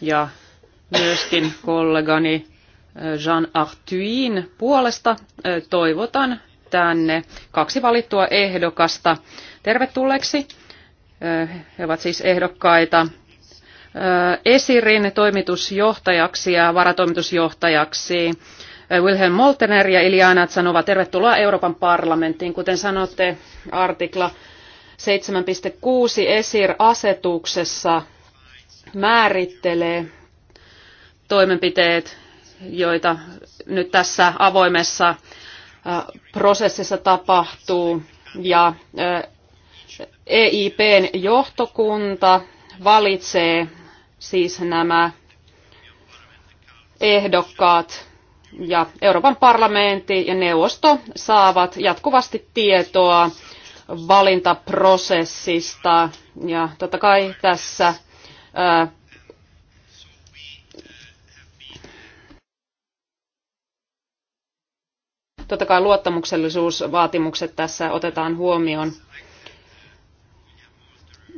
ja myöskin kollegani eh, Jean Artuin puolesta eh, toivotan tänne kaksi valittua ehdokasta tervetulleeksi. Eh, he ovat siis ehdokkaita Esirin toimitusjohtajaksi ja varatoimitusjohtajaksi. Wilhelm Moltener ja Iliana Tsanova, tervetuloa Euroopan parlamenttiin. Kuten sanotte, artikla 7.6 ESIR-asetuksessa määrittelee toimenpiteet, joita nyt tässä avoimessa äh, prosessissa tapahtuu. Ja äh, EIPn johtokunta valitsee siis nämä ehdokkaat ja Euroopan parlamentti ja neuvosto saavat jatkuvasti tietoa valintaprosessista ja totta kai tässä Totta kai luottamuksellisuusvaatimukset tässä otetaan huomioon.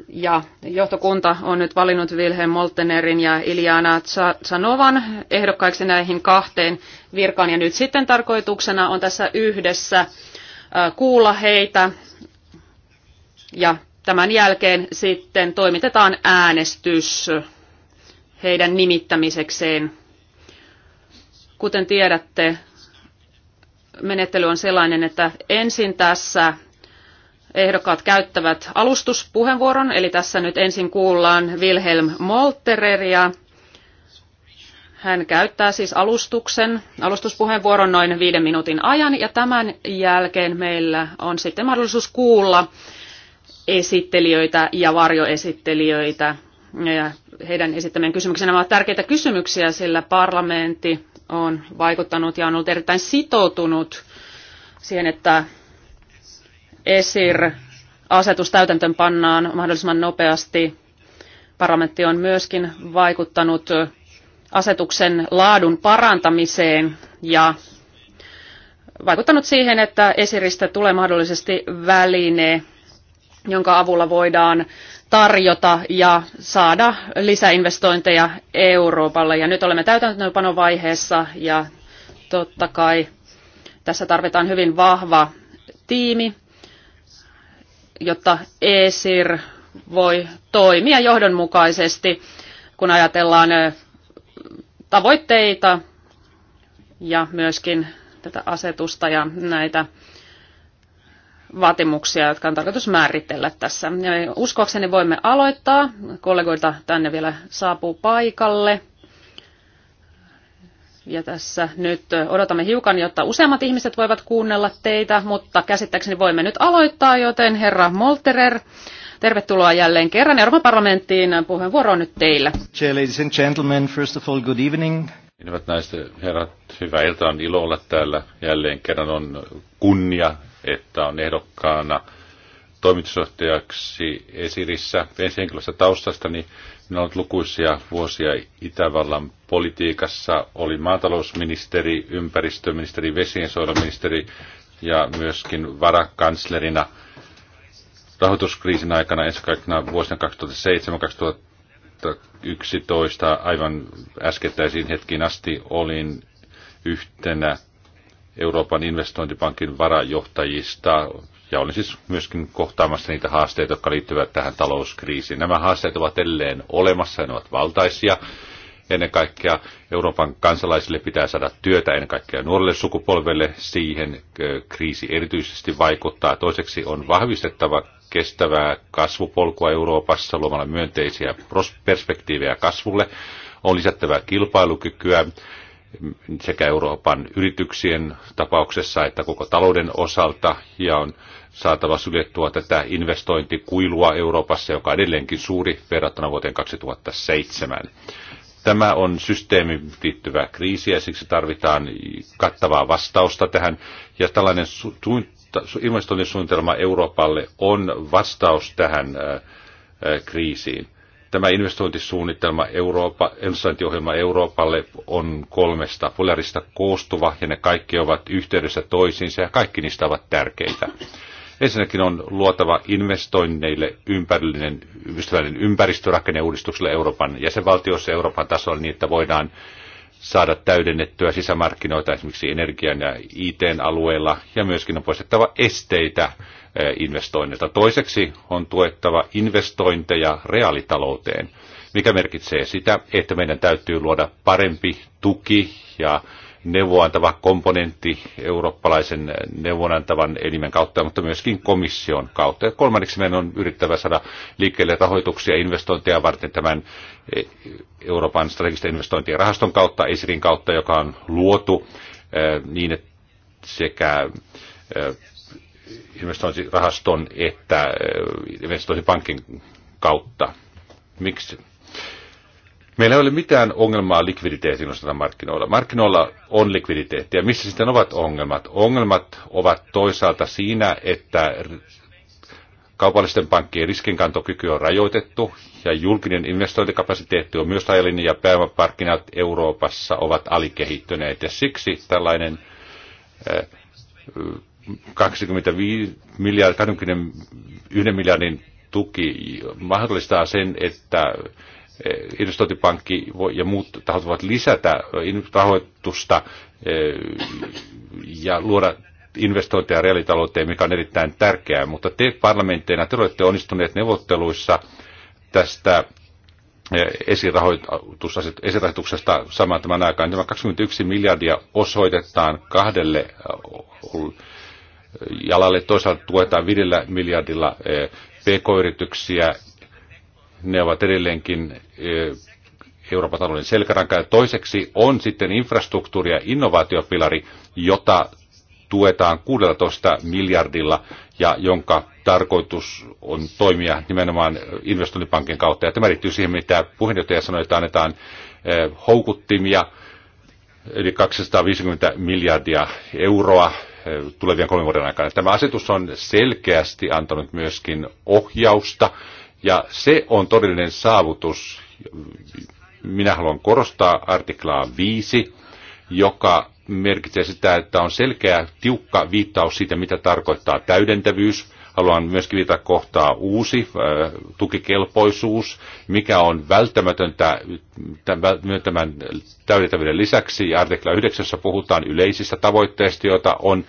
Ja johtokunta on nyt valinnut Wilhelm Moltenerin ja Iljana Sanovan ehdokkaiksi näihin kahteen virkaan. Ja nyt sitten tarkoituksena on tässä yhdessä kuulla heitä ja tämän jälkeen sitten toimitetaan äänestys heidän nimittämisekseen. Kuten tiedätte, menettely on sellainen, että ensin tässä ehdokkaat käyttävät alustuspuheenvuoron, eli tässä nyt ensin kuullaan Wilhelm Moltereria. Hän käyttää siis alustuksen, alustuspuheenvuoron noin viiden minuutin ajan, ja tämän jälkeen meillä on sitten mahdollisuus kuulla esittelijöitä ja varjoesittelijöitä ja heidän esittämien kysymyksiä. Nämä ovat tärkeitä kysymyksiä, sillä parlamentti on vaikuttanut ja on ollut erittäin sitoutunut siihen, että ESIR-asetus täytäntöön pannaan mahdollisimman nopeasti. Parlamentti on myöskin vaikuttanut asetuksen laadun parantamiseen ja vaikuttanut siihen, että esiristä tulee mahdollisesti väline, jonka avulla voidaan tarjota ja saada lisäinvestointeja Euroopalle. Ja nyt olemme täytäntöönpanovaiheessa ja totta kai tässä tarvitaan hyvin vahva tiimi, jotta ESIR voi toimia johdonmukaisesti, kun ajatellaan tavoitteita ja myöskin tätä asetusta ja näitä vaatimuksia, jotka on tarkoitus määritellä tässä. Uskoakseni voimme aloittaa. Kollegoita tänne vielä saapuu paikalle. Ja tässä nyt odotamme hiukan, jotta useammat ihmiset voivat kuunnella teitä, mutta käsittääkseni voimme nyt aloittaa, joten herra Molterer, tervetuloa jälleen kerran Euroopan parlamenttiin. Puheenvuoro on nyt teillä. Chair, ladies and gentlemen, first of all, good evening. Hyvät naiset herrat, hyvää iltaa. On ilo olla täällä jälleen kerran. On kunnia että on ehdokkaana toimitusjohtajaksi Esirissä ensihenkilöstä taustasta, niin minä olen lukuisia vuosia Itävallan politiikassa. Olin maatalousministeri, ympäristöministeri, vesiensuojeluministeri ja myöskin varakanslerina rahoituskriisin aikana ensi kaikkina vuosina 2007-2011 aivan äskettäisiin hetkiin asti olin yhtenä Euroopan investointipankin varajohtajista, ja olin siis myöskin kohtaamassa niitä haasteita, jotka liittyvät tähän talouskriisiin. Nämä haasteet ovat edelleen olemassa ja ne ovat valtaisia. Ennen kaikkea Euroopan kansalaisille pitää saada työtä, ennen kaikkea nuorelle sukupolvelle. Siihen kriisi erityisesti vaikuttaa. Toiseksi on vahvistettava kestävää kasvupolkua Euroopassa luomalla myönteisiä perspektiivejä kasvulle. On lisättävä kilpailukykyä sekä Euroopan yrityksien tapauksessa että koko talouden osalta ja on saatava suljettua tätä investointikuilua Euroopassa, joka on edelleenkin suuri verrattuna vuoteen 2007. Tämä on systeemiin liittyvä kriisi ja siksi tarvitaan kattavaa vastausta tähän. Ja tällainen investointisuunnitelma Euroopalle on vastaus tähän äh, äh, kriisiin. Tämä investointisuunnitelma Eurooppa, investointiohjelma Euroopalle on kolmesta polarista koostuva ja ne kaikki ovat yhteydessä toisiinsa ja kaikki niistä ovat tärkeitä. Ensinnäkin on luotava investoinneille ympärillinen, ystävällinen ympäristörakenneuudistukselle Euroopan jäsenvaltioissa Euroopan tasolla niin, että voidaan saada täydennettyä sisämarkkinoita esimerkiksi energian ja it alueella ja myöskin on poistettava esteitä Eh, investoinneilta. Toiseksi on tuettava investointeja reaalitalouteen, mikä merkitsee sitä, että meidän täytyy luoda parempi tuki ja neuvoantava komponentti eurooppalaisen neuvonantavan elimen kautta, mutta myöskin komission kautta. Ja kolmanneksi meidän on yrittävä saada liikkeelle rahoituksia investointeja varten tämän eh, Euroopan strategisten investointien rahaston kautta, ESRin kautta, joka on luotu eh, niin, että sekä investointirahaston että äh, investointipankin kautta. Miksi? Meillä ei ole mitään ongelmaa likviditeetin osalta markkinoilla. Markkinoilla on likviditeettiä. Missä sitten ovat ongelmat? Ongelmat ovat toisaalta siinä, että kaupallisten pankkien riskinkantokyky on rajoitettu ja julkinen investointikapasiteetti on myös rajallinen ja pääomaparkkinat Euroopassa ovat alikehittyneet. Ja siksi tällainen äh, 25 miljard, 21 miljardin tuki mahdollistaa sen, että eh, investointipankki ja muut tahot voivat lisätä eh, rahoitusta eh, ja luoda investointeja reaalitalouteen, mikä on erittäin tärkeää. Mutta te parlamentteina, te olette onnistuneet neuvotteluissa tästä esirahoituksesta samaan tämän aikaan. Tämä 21 miljardia osoitetaan kahdelle jalalle. Toisaalta tuetaan 5 miljardilla e, pk-yrityksiä. Ne ovat edelleenkin e, Euroopan talouden selkäranka. Ja toiseksi on sitten infrastruktuuri- ja innovaatiopilari, jota tuetaan 16 miljardilla ja jonka tarkoitus on toimia nimenomaan investointipankin kautta. Ja tämä liittyy siihen, mitä puheenjohtaja sanoi, että annetaan e, houkuttimia, eli 250 miljardia euroa tulevien kolmen vuoden aikana. Tämä asetus on selkeästi antanut myöskin ohjausta, ja se on todellinen saavutus. Minä haluan korostaa artiklaa 5, joka merkitsee sitä, että on selkeä, tiukka viittaus siitä, mitä tarkoittaa täydentävyys, Haluan myöskin viitata kohtaa uusi äh, tukikelpoisuus, mikä on välttämätöntä myöntämän täydentävyyden lisäksi. Artikla 9 puhutaan yleisistä tavoitteista, joita on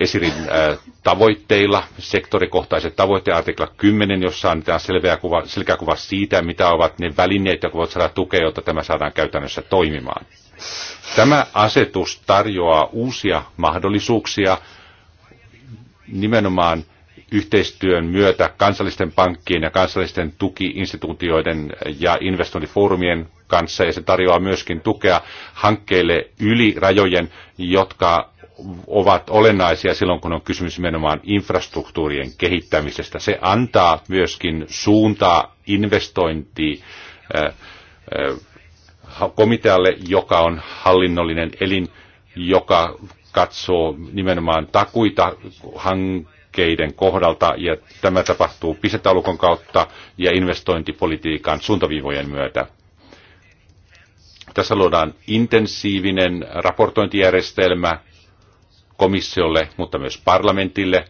Esirin äh, tavoitteilla, sektorikohtaiset tavoitteet, artikla 10, jossa annetaan selkeä kuva, selkeä kuva siitä, mitä ovat ne välineet, jotka voivat saada tukea, jotta tämä saadaan käytännössä toimimaan. Tämä asetus tarjoaa uusia mahdollisuuksia nimenomaan yhteistyön myötä kansallisten pankkien ja kansallisten tukiinstituutioiden ja investointifoorumien kanssa ja se tarjoaa myöskin tukea hankkeille yli rajojen, jotka ovat olennaisia silloin, kun on kysymys nimenomaan infrastruktuurien kehittämisestä. Se antaa myöskin suuntaa investointi komitealle, joka on hallinnollinen elin, joka katsoo nimenomaan takuita hank- hankkeiden kohdalta, ja tämä tapahtuu pistetaulukon kautta ja investointipolitiikan suuntaviivojen myötä. Tässä luodaan intensiivinen raportointijärjestelmä komissiolle, mutta myös parlamentille,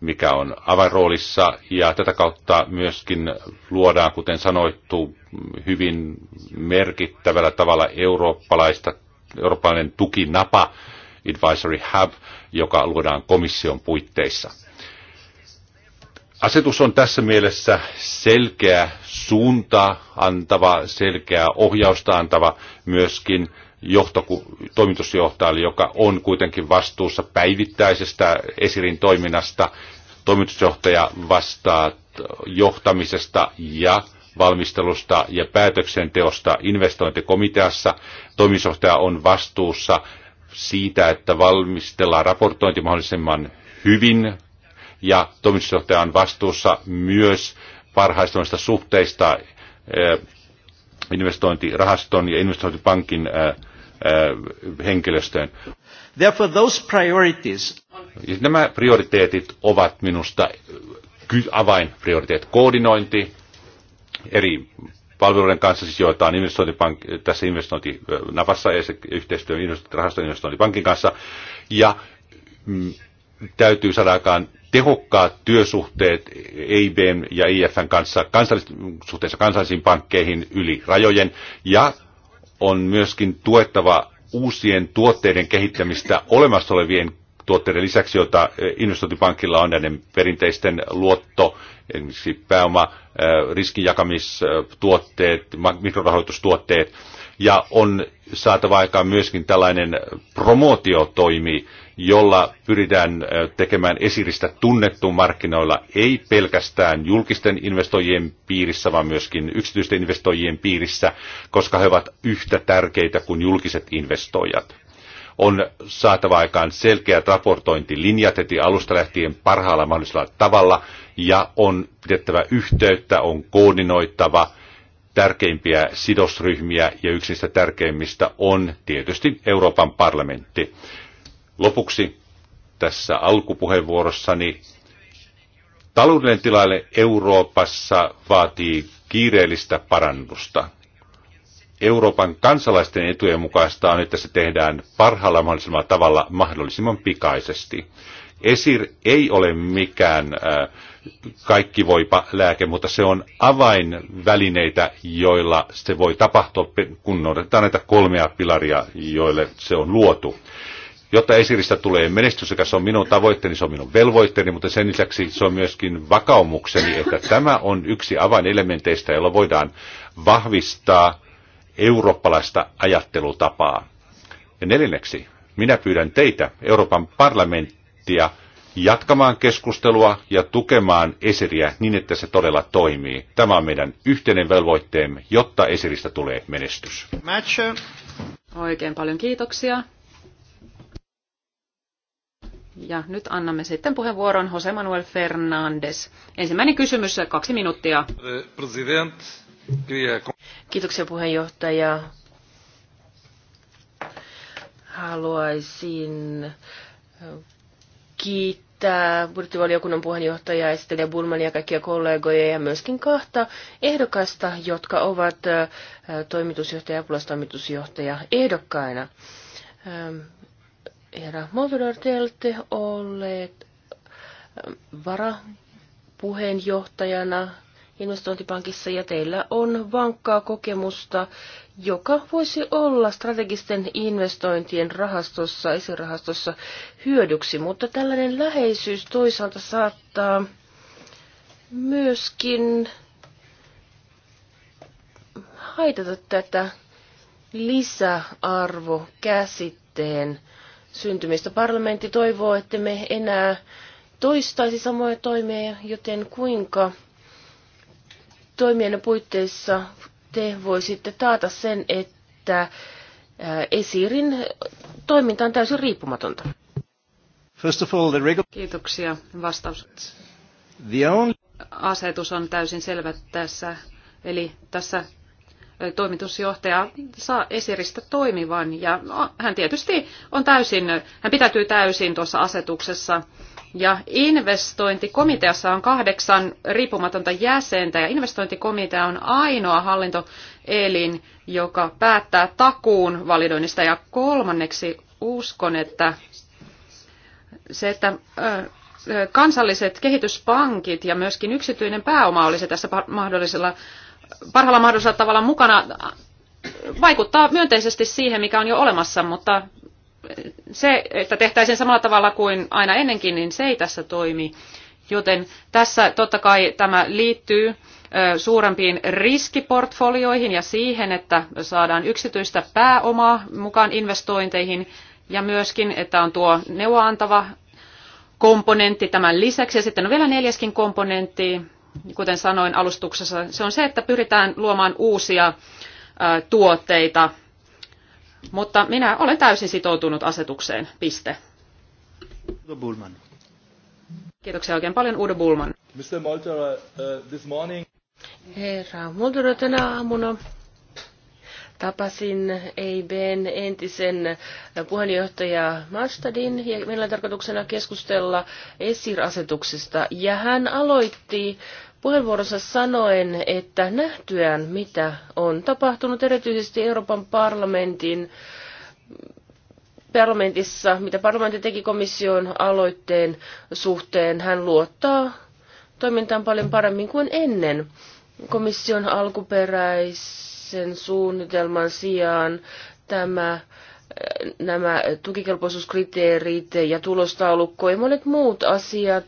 mikä on avainroolissa, ja tätä kautta myöskin luodaan, kuten sanoittu, hyvin merkittävällä tavalla eurooppalaista, eurooppalainen tukinapa, Advisory Hub, joka luodaan komission puitteissa. Asetus on tässä mielessä selkeä suunta antava, selkeää ohjausta antava myöskin johtoku, toimitusjohtajalle, joka on kuitenkin vastuussa päivittäisestä esirin toiminnasta. Toimitusjohtaja vastaa johtamisesta ja valmistelusta ja päätöksenteosta investointikomiteassa. Toimitusjohtaja on vastuussa siitä, että valmistellaan raportointi mahdollisimman hyvin ja toimitusjohtaja on vastuussa myös parhaista suhteista eh, investointirahaston ja investointipankin eh, eh, henkilöstöön. Therefore those priorities... Nämä prioriteetit ovat minusta avainprioriteetit. Koordinointi eri palveluiden kanssa, siis joita on investointipank- tässä investointinapassa ja yhteistyö investointirahaston investointipankin kanssa, ja mm, täytyy saada aikaan tehokkaat työsuhteet EIBn ja IFn kanssa kansallis- suhteessa kansallisiin pankkeihin yli rajojen ja on myöskin tuettava uusien tuotteiden kehittämistä olemassa olevien tuotteiden lisäksi, joita e, investointipankilla on näiden perinteisten luotto, esimerkiksi pääoma, e, riskinjakamistuotteet, mikrorahoitustuotteet, ja on saatava aikaan myöskin tällainen promootiotoimi, jolla pyritään tekemään esiristä tunnettu markkinoilla, ei pelkästään julkisten investoijien piirissä, vaan myöskin yksityisten investoijien piirissä, koska he ovat yhtä tärkeitä kuin julkiset investoijat. On saatava aikaan selkeät raportointilinjat heti alusta lähtien parhaalla mahdollisella tavalla, ja on pidettävä yhteyttä, on koordinoittava, tärkeimpiä sidosryhmiä ja yksi niistä tärkeimmistä on tietysti Euroopan parlamentti. Lopuksi tässä alkupuheenvuorossani taloudellinen tilanne Euroopassa vaatii kiireellistä parannusta. Euroopan kansalaisten etujen mukaista on, että se tehdään parhaalla mahdollisimman tavalla mahdollisimman pikaisesti. Esir ei ole mikään äh, kaikki voipa lääke, mutta se on avainvälineitä, joilla se voi tapahtua, kun noudatetaan näitä kolmea pilaria, joille se on luotu. Jotta esiristä tulee menestys, joka se on minun tavoitteeni, se on minun velvoitteeni, mutta sen lisäksi se on myöskin vakaumukseni, että tämä on yksi avainelementeistä, jolla voidaan vahvistaa eurooppalaista ajattelutapaa. Ja neljänneksi, minä pyydän teitä, Euroopan parlamenttia, jatkamaan keskustelua ja tukemaan esiriä niin, että se todella toimii. Tämä on meidän yhteinen velvoitteemme, jotta esiristä tulee menestys. Match. Oikein paljon kiitoksia. Ja nyt annamme sitten puheenvuoron Jose Manuel Fernandes. Ensimmäinen kysymys, kaksi minuuttia. Kiitoksia puheenjohtaja. Haluaisin kiittää budjettivaliokunnan puheenjohtajaa, esittelijä Bulman ja kaikkia kollegoja ja myöskin kahta ehdokasta, jotka ovat toimitusjohtaja ja apulaistoimitusjohtaja ehdokkaina herra Movedor, te olette olleet ähm, varapuheenjohtajana investointipankissa ja teillä on vankkaa kokemusta, joka voisi olla strategisten investointien rahastossa, esirahastossa hyödyksi, mutta tällainen läheisyys toisaalta saattaa myöskin haitata tätä lisäarvokäsitteen syntymistä. Parlamentti toivoo, että me enää toistaisi samoja toimia, joten kuinka toimien puitteissa te voisitte taata sen, että Esirin toiminta on täysin riippumatonta? First of all, the regular... Kiitoksia. Vastaus. The only... Asetus on täysin selvä tässä. Eli tässä toimitusjohtaja saa esiristä toimivan ja hän tietysti on täysin, hän pitäytyy täysin tuossa asetuksessa ja investointikomiteassa on kahdeksan riippumatonta jäsentä ja investointikomitea on ainoa hallintoelin, joka päättää takuun validoinnista ja kolmanneksi uskon, että se, että kansalliset kehityspankit ja myöskin yksityinen pääoma olisi tässä mahdollisella parhaalla mahdollisella tavalla mukana vaikuttaa myönteisesti siihen, mikä on jo olemassa, mutta se, että tehtäisiin samalla tavalla kuin aina ennenkin, niin se ei tässä toimi. Joten tässä totta kai tämä liittyy suurempiin riskiportfolioihin ja siihen, että saadaan yksityistä pääomaa mukaan investointeihin ja myöskin, että on tuo neuvoantava komponentti tämän lisäksi. Ja sitten on vielä neljäskin komponentti, kuten sanoin alustuksessa, se on se, että pyritään luomaan uusia tuotteita, mutta minä olen täysin sitoutunut asetukseen. Piste. Udo Bullman. Kiitoksia oikein paljon, Udo Bullman. Mr. uh, this morning... Herra Muldura, tänä aamuna tapasin EIBn entisen puheenjohtaja Marstadin ja meillä on tarkoituksena keskustella esirasetuksesta. Ja hän aloitti puheenvuorossa sanoen, että nähtyään mitä on tapahtunut erityisesti Euroopan parlamentin parlamentissa, mitä parlamentti teki komission aloitteen suhteen, hän luottaa toimintaan paljon paremmin kuin ennen komission alkuperäisen suunnitelman sijaan tämä nämä tukikelpoisuuskriteerit ja tulostaulukko ja monet muut asiat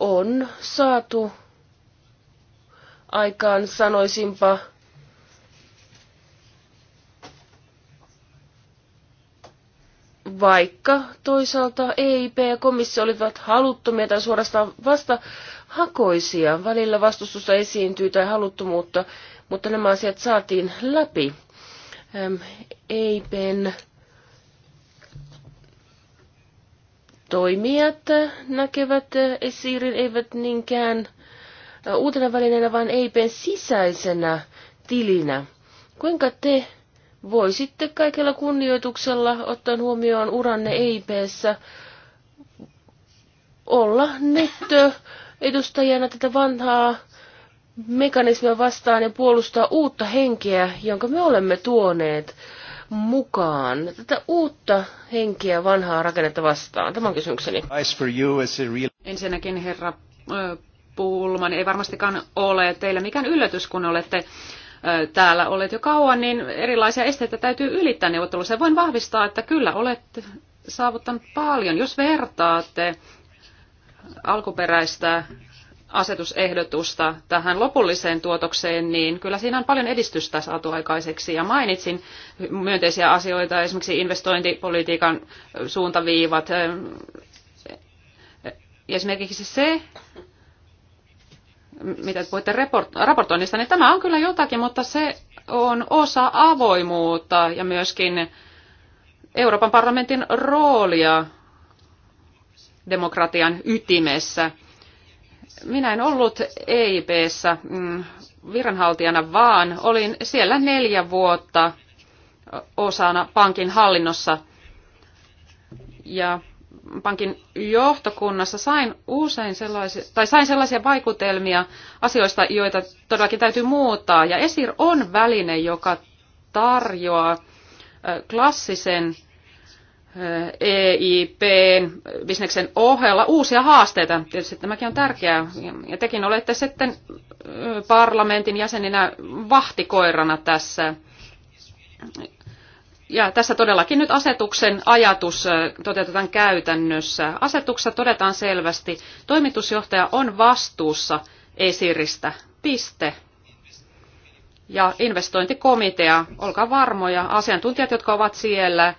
on saatu aikaan, sanoisinpa, vaikka toisaalta EIP ja komissio olivat haluttomia tai suorastaan vasta hakoisia. Välillä vastustusta esiintyy tai haluttomuutta, mutta nämä asiat saatiin läpi. EIPn toimijat näkevät äh, esiirin, eivät niinkään uutena välineenä, vaan EIPn sisäisenä tilinä. Kuinka te voisitte kaikella kunnioituksella, ottaen huomioon uranne EIPssä, olla nyt edustajana tätä vanhaa mekanismia vastaan ja puolustaa uutta henkeä, jonka me olemme tuoneet mukaan. Tätä uutta henkeä vanhaa rakennetta vastaan. Tämä on kysymykseni. Ensinnäkin herra Pullman, niin ei varmastikaan ole teille mikään yllätys, kun olette täällä olet jo kauan, niin erilaisia esteitä täytyy ylittää neuvottelussa. Voin vahvistaa, että kyllä olette saavuttanut paljon. Jos vertaatte alkuperäistä asetusehdotusta tähän lopulliseen tuotokseen, niin kyllä siinä on paljon edistystä saatu aikaiseksi. Ja mainitsin myönteisiä asioita, esimerkiksi investointipolitiikan suuntaviivat. Esimerkiksi se, mitä puhutte raportoinnista, niin tämä on kyllä jotakin, mutta se on osa avoimuutta ja myöskin Euroopan parlamentin roolia demokratian ytimessä. Minä en ollut EIPssä mm, viranhaltijana, vaan olin siellä neljä vuotta osana pankin hallinnossa. Ja pankin johtokunnassa sain usein sellaisia, tai sain sellaisia vaikutelmia asioista, joita todellakin täytyy muuttaa. Ja ESIR on väline, joka tarjoaa klassisen EIPn bisneksen ohella uusia haasteita. Tietysti tämäkin on tärkeää. Ja tekin olette sitten parlamentin jäseninä vahtikoirana tässä ja tässä todellakin nyt asetuksen ajatus toteutetaan käytännössä. Asetuksessa todetaan selvästi, toimitusjohtaja on vastuussa esiristä. Piste. Ja investointikomitea, olkaa varmoja, asiantuntijat, jotka ovat siellä,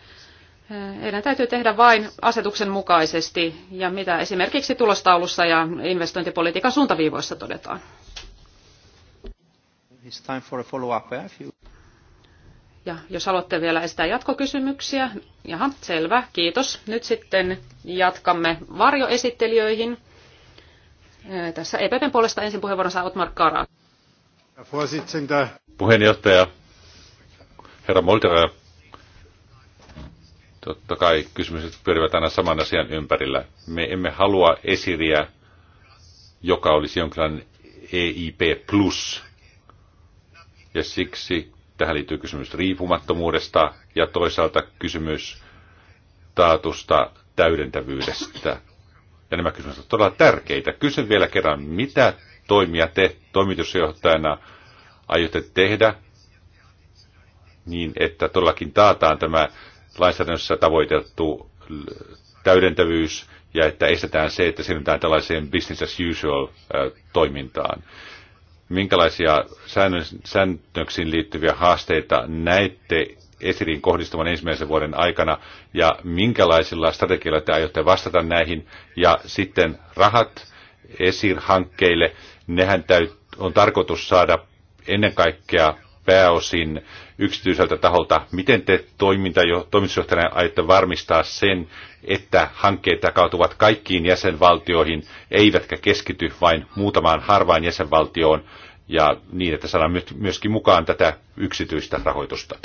heidän täytyy tehdä vain asetuksen mukaisesti ja mitä esimerkiksi tulostaulussa ja investointipolitiikan suuntaviivoissa todetaan. Ja jos haluatte vielä esittää jatkokysymyksiä, jaha, selvä, kiitos. Nyt sitten jatkamme varjoesittelijöihin. Tässä EPPn puolesta ensin puheenvuoron saa Otmar Kara. Puheenjohtaja, herra Moltera, totta kai kysymykset pyörivät aina saman asian ympärillä. Me emme halua esiriä, joka olisi jonkinlainen EIP plus. Ja siksi Tähän liittyy kysymys riippumattomuudesta ja toisaalta kysymys taatusta täydentävyydestä. Ja nämä kysymykset ovat todella tärkeitä. Kysyn vielä kerran, mitä toimia te toimitusjohtajana aiotte tehdä niin, että todellakin taataan tämä lainsäädännössä tavoiteltu täydentävyys ja että estetään se, että siirrytään tällaiseen business as usual toimintaan. Minkälaisia säännöksiin liittyviä haasteita näette Esirin kohdistuvan ensimmäisen vuoden aikana ja minkälaisilla strategioilla te aiotte vastata näihin ja sitten rahat Esir-hankkeille, nehän täyt, on tarkoitus saada ennen kaikkea pääosin yksityiseltä taholta. Miten te toimitusjohtajana aiotte varmistaa sen, että hankkeet takautuvat kaikkiin jäsenvaltioihin, eivätkä keskity vain muutamaan harvaan jäsenvaltioon, ja niin, että saadaan myöskin mukaan tätä yksityistä rahoitusta?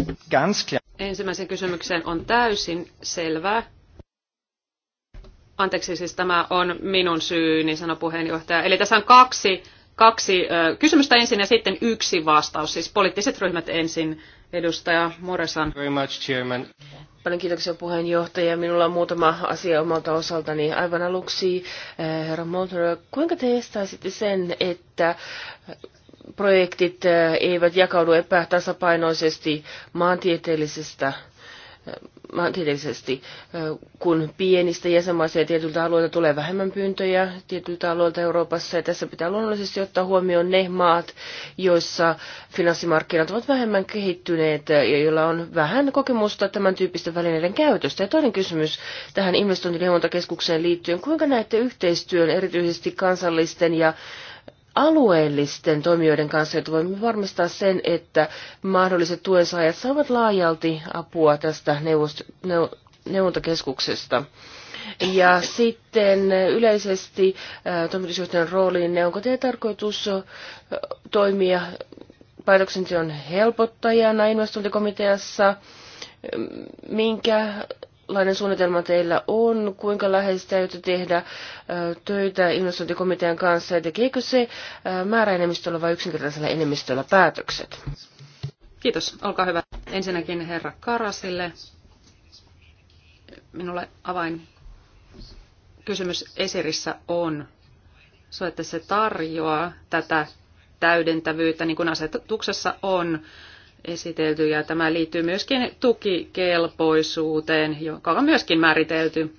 Ensimmäisen kysymyksen on täysin selvää. Anteeksi, siis tämä on minun syyni, sanoi puheenjohtaja. Eli tässä on kaksi kaksi kysymystä ensin ja sitten yksi vastaus, siis poliittiset ryhmät ensin. Edustaja Moresan. Very much, chairman. Paljon kiitoksia puheenjohtaja. Minulla on muutama asia omalta osaltani. Aivan aluksi, herra Moltero, kuinka te estäisitte sen, että projektit eivät jakaudu epätasapainoisesti maantieteellisestä maantieteellisesti, kun pienistä jäsenmaista ja tietyiltä alueilta tulee vähemmän pyyntöjä tietyiltä alueilta Euroopassa. Ja tässä pitää luonnollisesti ottaa huomioon ne maat, joissa finanssimarkkinat ovat vähemmän kehittyneet ja joilla on vähän kokemusta tämän tyyppisten välineiden käytöstä. Ja toinen kysymys tähän investointineuvontakeskukseen liittyen, kuinka näette yhteistyön erityisesti kansallisten ja alueellisten toimijoiden kanssa, jotta voimme varmistaa sen, että mahdolliset tuensaajat saavat laajalti apua tästä neuvost- neu- neuvontakeskuksesta. Ja sitten yleisesti toimitusjohtajan rooliin, ne onko teidän tarkoitus toimia päätöksenteon helpottajana investointikomiteassa, minkä minkälainen suunnitelma teillä on, kuinka läheistä täytyy tehdä töitä investointikomitean kanssa ja tekeekö se määräenemmistöllä vai yksinkertaisella enemmistöllä päätökset? Kiitos, olkaa hyvä. Ensinnäkin herra Karasille. Minulle avain kysymys Esirissä on se, että se tarjoaa tätä täydentävyyttä, niin kuin asetuksessa on esitelty ja tämä liittyy myöskin tukikelpoisuuteen, joka on myöskin määritelty.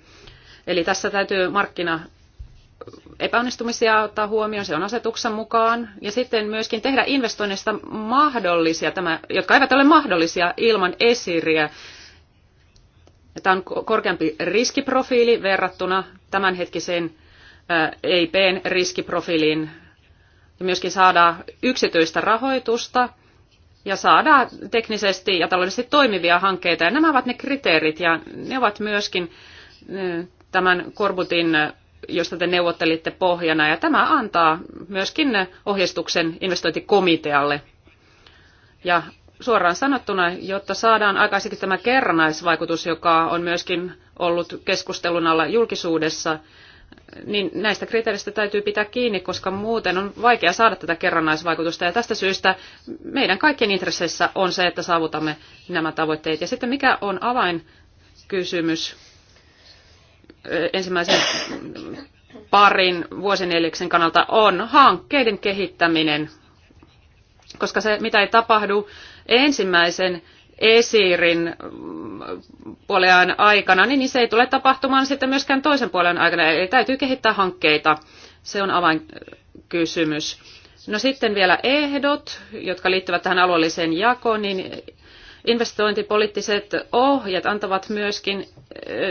Eli tässä täytyy markkina epäonnistumisia ottaa huomioon, se on asetuksen mukaan. Ja sitten myöskin tehdä investoinnista mahdollisia, tämä, jotka eivät ole mahdollisia ilman esiriä. Tämä on korkeampi riskiprofiili verrattuna tämänhetkiseen EIPn riskiprofiiliin. Ja myöskin saada yksityistä rahoitusta – ja saada teknisesti ja taloudellisesti toimivia hankkeita. Ja nämä ovat ne kriteerit ja ne ovat myöskin tämän Korbutin, josta te neuvottelitte pohjana. Ja tämä antaa myöskin ohjeistuksen investointikomitealle. Ja suoraan sanottuna, jotta saadaan aikaiseksi tämä kerranaisvaikutus, joka on myöskin ollut keskustelun alla julkisuudessa, niin näistä kriteereistä täytyy pitää kiinni, koska muuten on vaikea saada tätä kerrannaisvaikutusta. Ja tästä syystä meidän kaikkien intresseissä on se, että saavutamme nämä tavoitteet. Ja sitten mikä on avainkysymys ensimmäisen parin vuosineljäksen kannalta on hankkeiden kehittäminen, koska se, mitä ei tapahdu ensimmäisen esirin mm, puolen aikana, niin, niin se ei tule tapahtumaan sitten myöskään toisen puolen aikana. Eli täytyy kehittää hankkeita. Se on avainkysymys. No sitten vielä ehdot, jotka liittyvät tähän alueelliseen jakoon, niin investointipoliittiset ohjeet antavat myöskin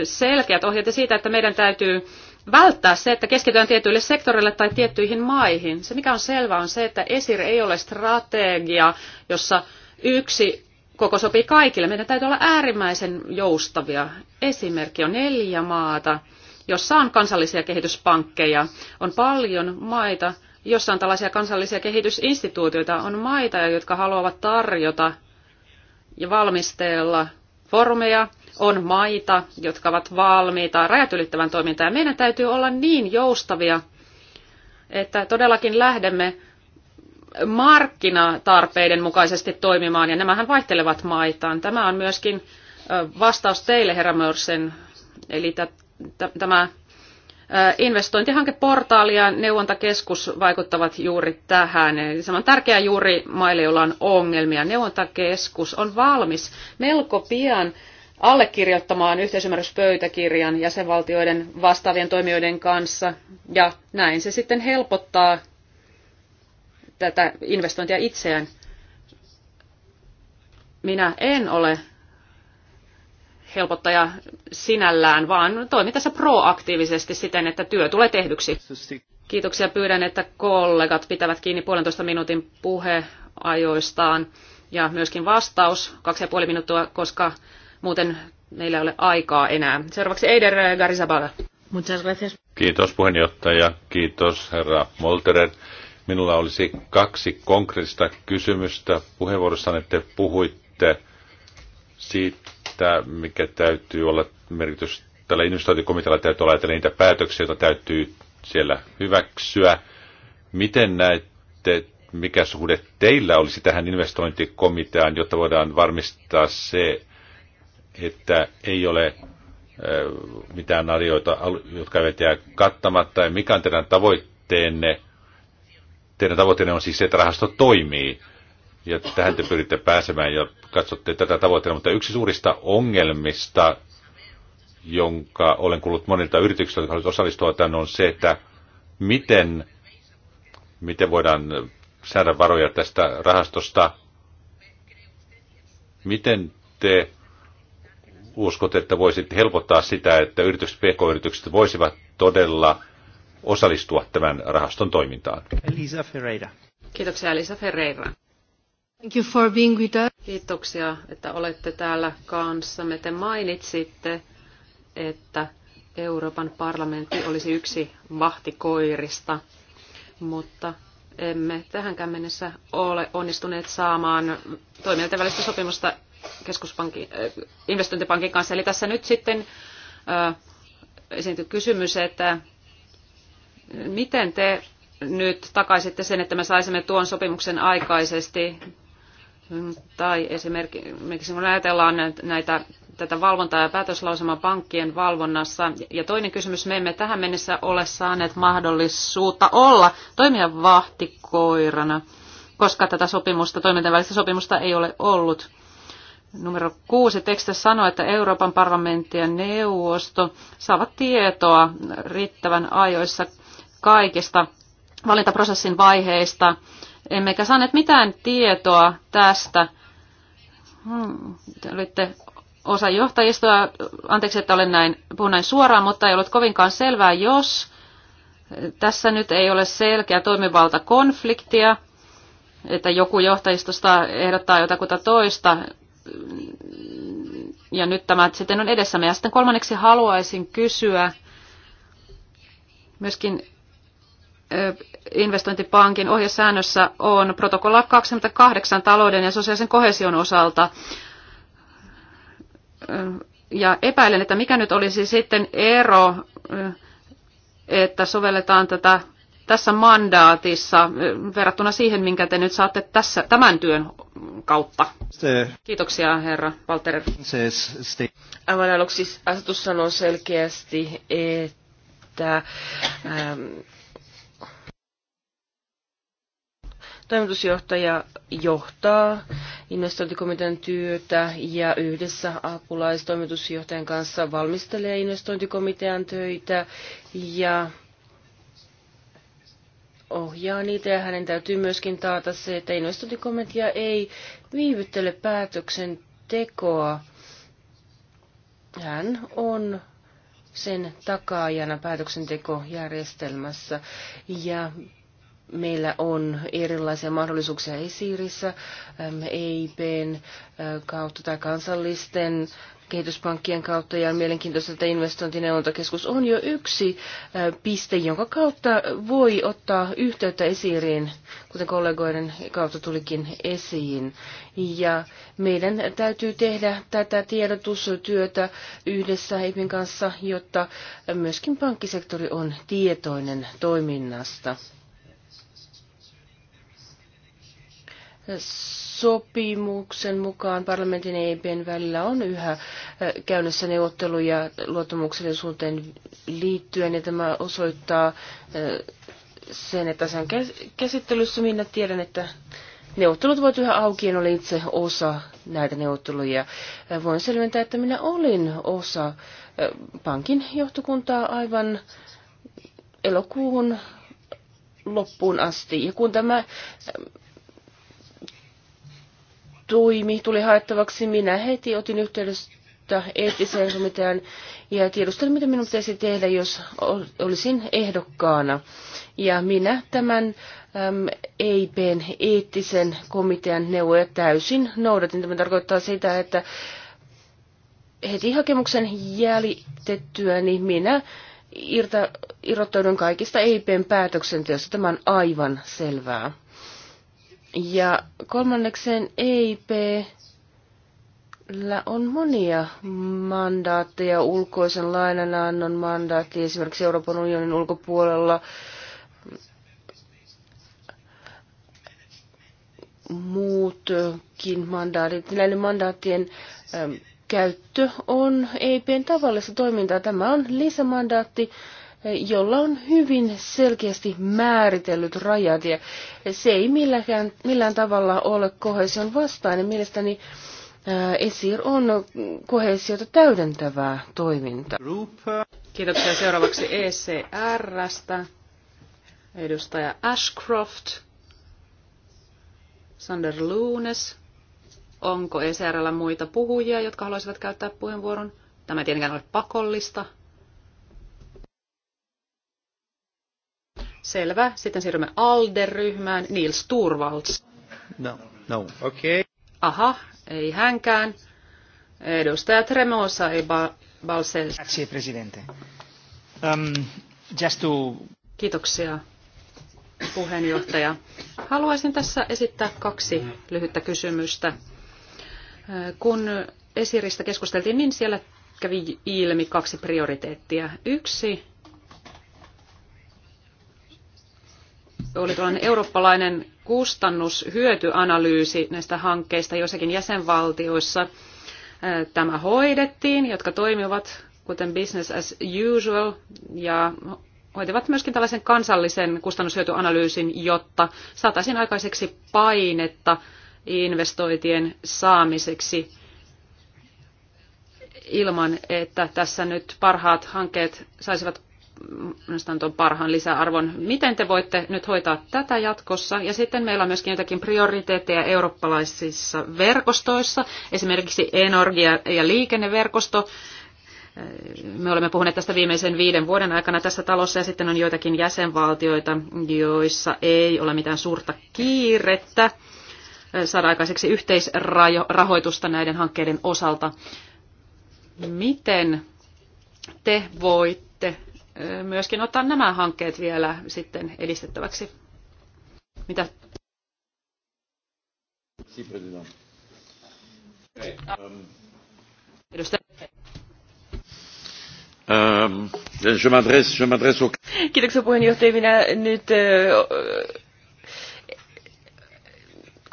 selkeät ohjeet siitä, että meidän täytyy välttää se, että keskitytään tietyille sektoreille tai tiettyihin maihin. Se mikä on selvää on se, että ESIR ei ole strategia, jossa yksi koko sopii kaikille. Meidän täytyy olla äärimmäisen joustavia. Esimerkki on neljä maata, jossa on kansallisia kehityspankkeja. On paljon maita, jossa on tällaisia kansallisia kehitysinstituutioita. On maita, jotka haluavat tarjota ja valmistella formeja. On maita, jotka ovat valmiita rajat ylittävän toimintaan. Meidän täytyy olla niin joustavia, että todellakin lähdemme markkinatarpeiden mukaisesti toimimaan, ja nämähän vaihtelevat maitaan. Tämä on myöskin vastaus teille, herra Mörsen, eli tämä investointihankeportaali ja neuvontakeskus vaikuttavat juuri tähän. Eli se on tärkeää juuri maille, joilla on ongelmia. Neuvontakeskus on valmis melko pian allekirjoittamaan yhteisymmärryspöytäkirjan jäsenvaltioiden vastaavien toimijoiden kanssa, ja näin se sitten helpottaa tätä investointia itseään. Minä en ole helpottaja sinällään, vaan toimi tässä proaktiivisesti siten, että työ tulee tehdyksi. Kiitoksia pyydän, että kollegat pitävät kiinni puolentoista minuutin puheajoistaan ja myöskin vastaus, kaksi ja puoli minuuttia, koska muuten meillä ei ole aikaa enää. Seuraavaksi Eider Garisabala. Kiitos puheenjohtaja, kiitos herra Molterer Minulla olisi kaksi konkreettista kysymystä. Puheenvuorossanne te puhuitte siitä, mikä täytyy olla merkitys tällä investointikomitealla täytyy olla niitä päätöksiä, joita täytyy siellä hyväksyä. Miten näette, mikä suhde teillä olisi tähän investointikomiteaan, jotta voidaan varmistaa se, että ei ole mitään arjoita, jotka eivät jää kattamatta, ja mikä on teidän tavoitteenne – teidän tavoitteena on siis se, että rahasto toimii. Ja tähän te pyritte pääsemään ja katsotte tätä tavoitteena. Mutta yksi suurista ongelmista, jonka olen kuullut monilta yrityksiltä, jotka haluavat osallistua tänne, on se, että miten, miten voidaan saada varoja tästä rahastosta. Miten te uskotte, että voisitte helpottaa sitä, että yritykset, pk-yritykset voisivat todella – osallistua tämän rahaston toimintaan. Elisa Ferreira. Kiitoksia Elisa Ferreira. Thank you for being with us. Kiitoksia, että olette täällä kanssamme. Te mainitsitte, että Euroopan parlamentti olisi yksi vahtikoirista, mutta emme tähänkään mennessä ole onnistuneet saamaan toimijoiden välistä sopimusta keskuspankin, äh, investointipankin kanssa. Eli tässä nyt sitten äh, esiintyy kysymys, että Miten te nyt takaisitte sen, että me saisimme tuon sopimuksen aikaisesti? Tai esimerkiksi kun ajatellaan näitä, tätä valvontaa ja päätöslausemaa pankkien valvonnassa. Ja toinen kysymys, me emme tähän mennessä ole saaneet mahdollisuutta olla toimia vahtikoirana, koska tätä sopimusta, toimintavälistä sopimusta ei ole ollut. Numero kuusi tekstissä sanoo, että Euroopan parlamentti ja neuvosto saavat tietoa riittävän ajoissa kaikista valintaprosessin vaiheista, emmekä saaneet mitään tietoa tästä. Hmm, olitte osa johtajistoa, anteeksi, että olen näin, puhun näin suoraan, mutta ei ollut kovinkaan selvää, jos tässä nyt ei ole selkeä toimivalta konfliktia, että joku johtajistosta ehdottaa jotakuta toista, ja nyt tämä sitten on edessämme. Ja sitten kolmanneksi haluaisin kysyä myöskin investointipankin ohjesäännössä on protokolla 28 talouden ja sosiaalisen kohesion osalta. Ja epäilen, että mikä nyt olisi sitten ero, että sovelletaan tätä tässä mandaatissa verrattuna siihen, minkä te nyt saatte tässä, tämän työn kautta. Kiitoksia herra Walter. Aivan aluksi asetus sanoo selkeästi, että että ähm, Toimitusjohtaja johtaa investointikomitean työtä ja yhdessä apulaistoimitusjohtajan kanssa valmistelee investointikomitean töitä ja ohjaa niitä ja hänen täytyy myöskin taata se, että investointikomitea ei viivyttele päätöksentekoa. Hän on sen takaajana päätöksentekojärjestelmässä ja meillä on erilaisia mahdollisuuksia esirissä, EIPn kautta tai kansallisten kehityspankkien kautta ja mielenkiintoista, että investointineuvontakeskus on jo yksi piste, jonka kautta voi ottaa yhteyttä esiiriin, kuten kollegoiden kautta tulikin esiin. Ja meidän täytyy tehdä tätä tiedotustyötä yhdessä EIPin kanssa, jotta myöskin pankkisektori on tietoinen toiminnasta. sopimuksen mukaan parlamentin ja EIPn välillä on yhä äh, käynnissä neuvotteluja luottamuksellisuuteen liittyen, ja tämä osoittaa äh, sen, että sen käsittelyssä minä tiedän, että neuvottelut voivat yhä auki, ja itse osa näitä neuvotteluja. Äh, voin selventää, että minä olin osa pankin johtokuntaa aivan elokuuhun loppuun asti. Ja kun tämä toimi, tuli haettavaksi, minä heti otin yhteydestä eettiseen komitean ja tiedustelin, mitä minun pitäisi tehdä, jos olisin ehdokkaana. Ja minä tämän äm, EIPn eettisen komitean neuvoja täysin noudatin. Tämä tarkoittaa sitä, että heti hakemuksen jäljitettyä, niin minä irta, irrottaudun kaikista EIPn päätöksenteosta. Tämä on aivan selvää. Ja kolmannekseen EIP on monia mandaatteja, ulkoisen lainanannon mandaatti esimerkiksi Euroopan unionin ulkopuolella, muutkin mandaatit. Näiden mandaattien käyttö on EIPn tavallista toimintaa. Tämä on lisämandaatti jolla on hyvin selkeästi määritellyt rajat ja se ei milläkään, millään tavalla ole kohesion vastainen. Mielestäni äh, ESIR on kohesiota täydentävää toimintaa. Kiitoksia seuraavaksi ECRstä. Edustaja Ashcroft, Sander Luunes. Onko ECRllä muita puhujia, jotka haluaisivat käyttää puheenvuoron? Tämä ei tietenkään ole pakollista. Selvä. Sitten siirrymme ALDE-ryhmään. Nils Turvalds. No, no, okei. Okay. Aha, ei hänkään. Edustaja Tremosa ei ba- Balsels. Grazie, presidente. Um, just to... Kiitoksia, puheenjohtaja. Haluaisin tässä esittää kaksi lyhyttä kysymystä. Kun esiristä keskusteltiin, niin siellä kävi ilmi kaksi prioriteettia. Yksi oli tuollainen eurooppalainen kustannushyötyanalyysi näistä hankkeista joissakin jäsenvaltioissa. Äh, tämä hoidettiin, jotka toimivat kuten business as usual ja hoitivat myöskin tällaisen kansallisen kustannushyötyanalyysin, jotta saataisiin aikaiseksi painetta investointien saamiseksi ilman, että tässä nyt parhaat hankkeet saisivat nostan tuon parhaan lisäarvon. Miten te voitte nyt hoitaa tätä jatkossa? Ja sitten meillä on myöskin jotakin prioriteetteja eurooppalaisissa verkostoissa, esimerkiksi energia- ja liikenneverkosto. Me olemme puhuneet tästä viimeisen viiden vuoden aikana tässä talossa ja sitten on joitakin jäsenvaltioita, joissa ei ole mitään suurta kiirettä saada aikaiseksi yhteisrahoitusta näiden hankkeiden osalta. Miten te voitte myöskin ottaa nämä hankkeet vielä sitten edistettäväksi. Mitä? Um, Edustaja. Um, je m'adresse, je m'adresse au... Kiitoksia puheenjohtaja. Minä nyt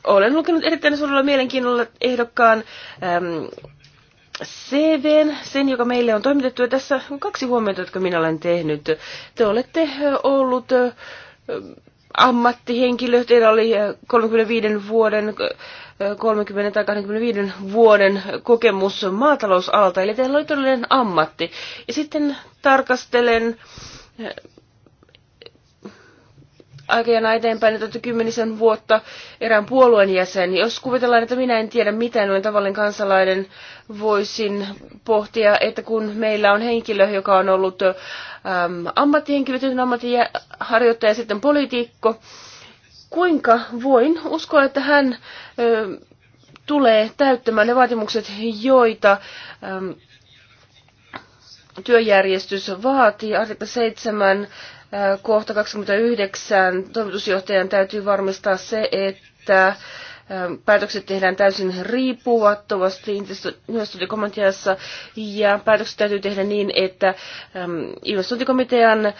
olen lukenut erittäin suurella mielenkiinnolla ehdokkaan äm, CVn, sen joka meille on toimitettu. Ja tässä on kaksi huomiota, jotka minä olen tehnyt. Te olette ollut ammattihenkilö, teillä oli 35 vuoden 30 tai 25 vuoden kokemus maatalousalalta, eli teillä oli todellinen ammatti. Ja sitten tarkastelen aikajana eteenpäin, että kymmenisen vuotta erään puolueen jäsen. Jos kuvitellaan, että minä en tiedä mitään, noin tavallinen kansalainen voisin pohtia, että kun meillä on henkilö, joka on ollut äm, ammattihenkilö, ammattiharjoittaja ja sitten poliitikko, kuinka voin uskoa, että hän ö, tulee täyttämään ne vaatimukset, joita äm, työjärjestys vaatii. Artikla 7 kohta 29 toimitusjohtajan täytyy varmistaa se, että ähm, Päätökset tehdään täysin riippumattomasti investointikomiteassa ja päätökset täytyy tehdä niin, että ähm, investointikomitean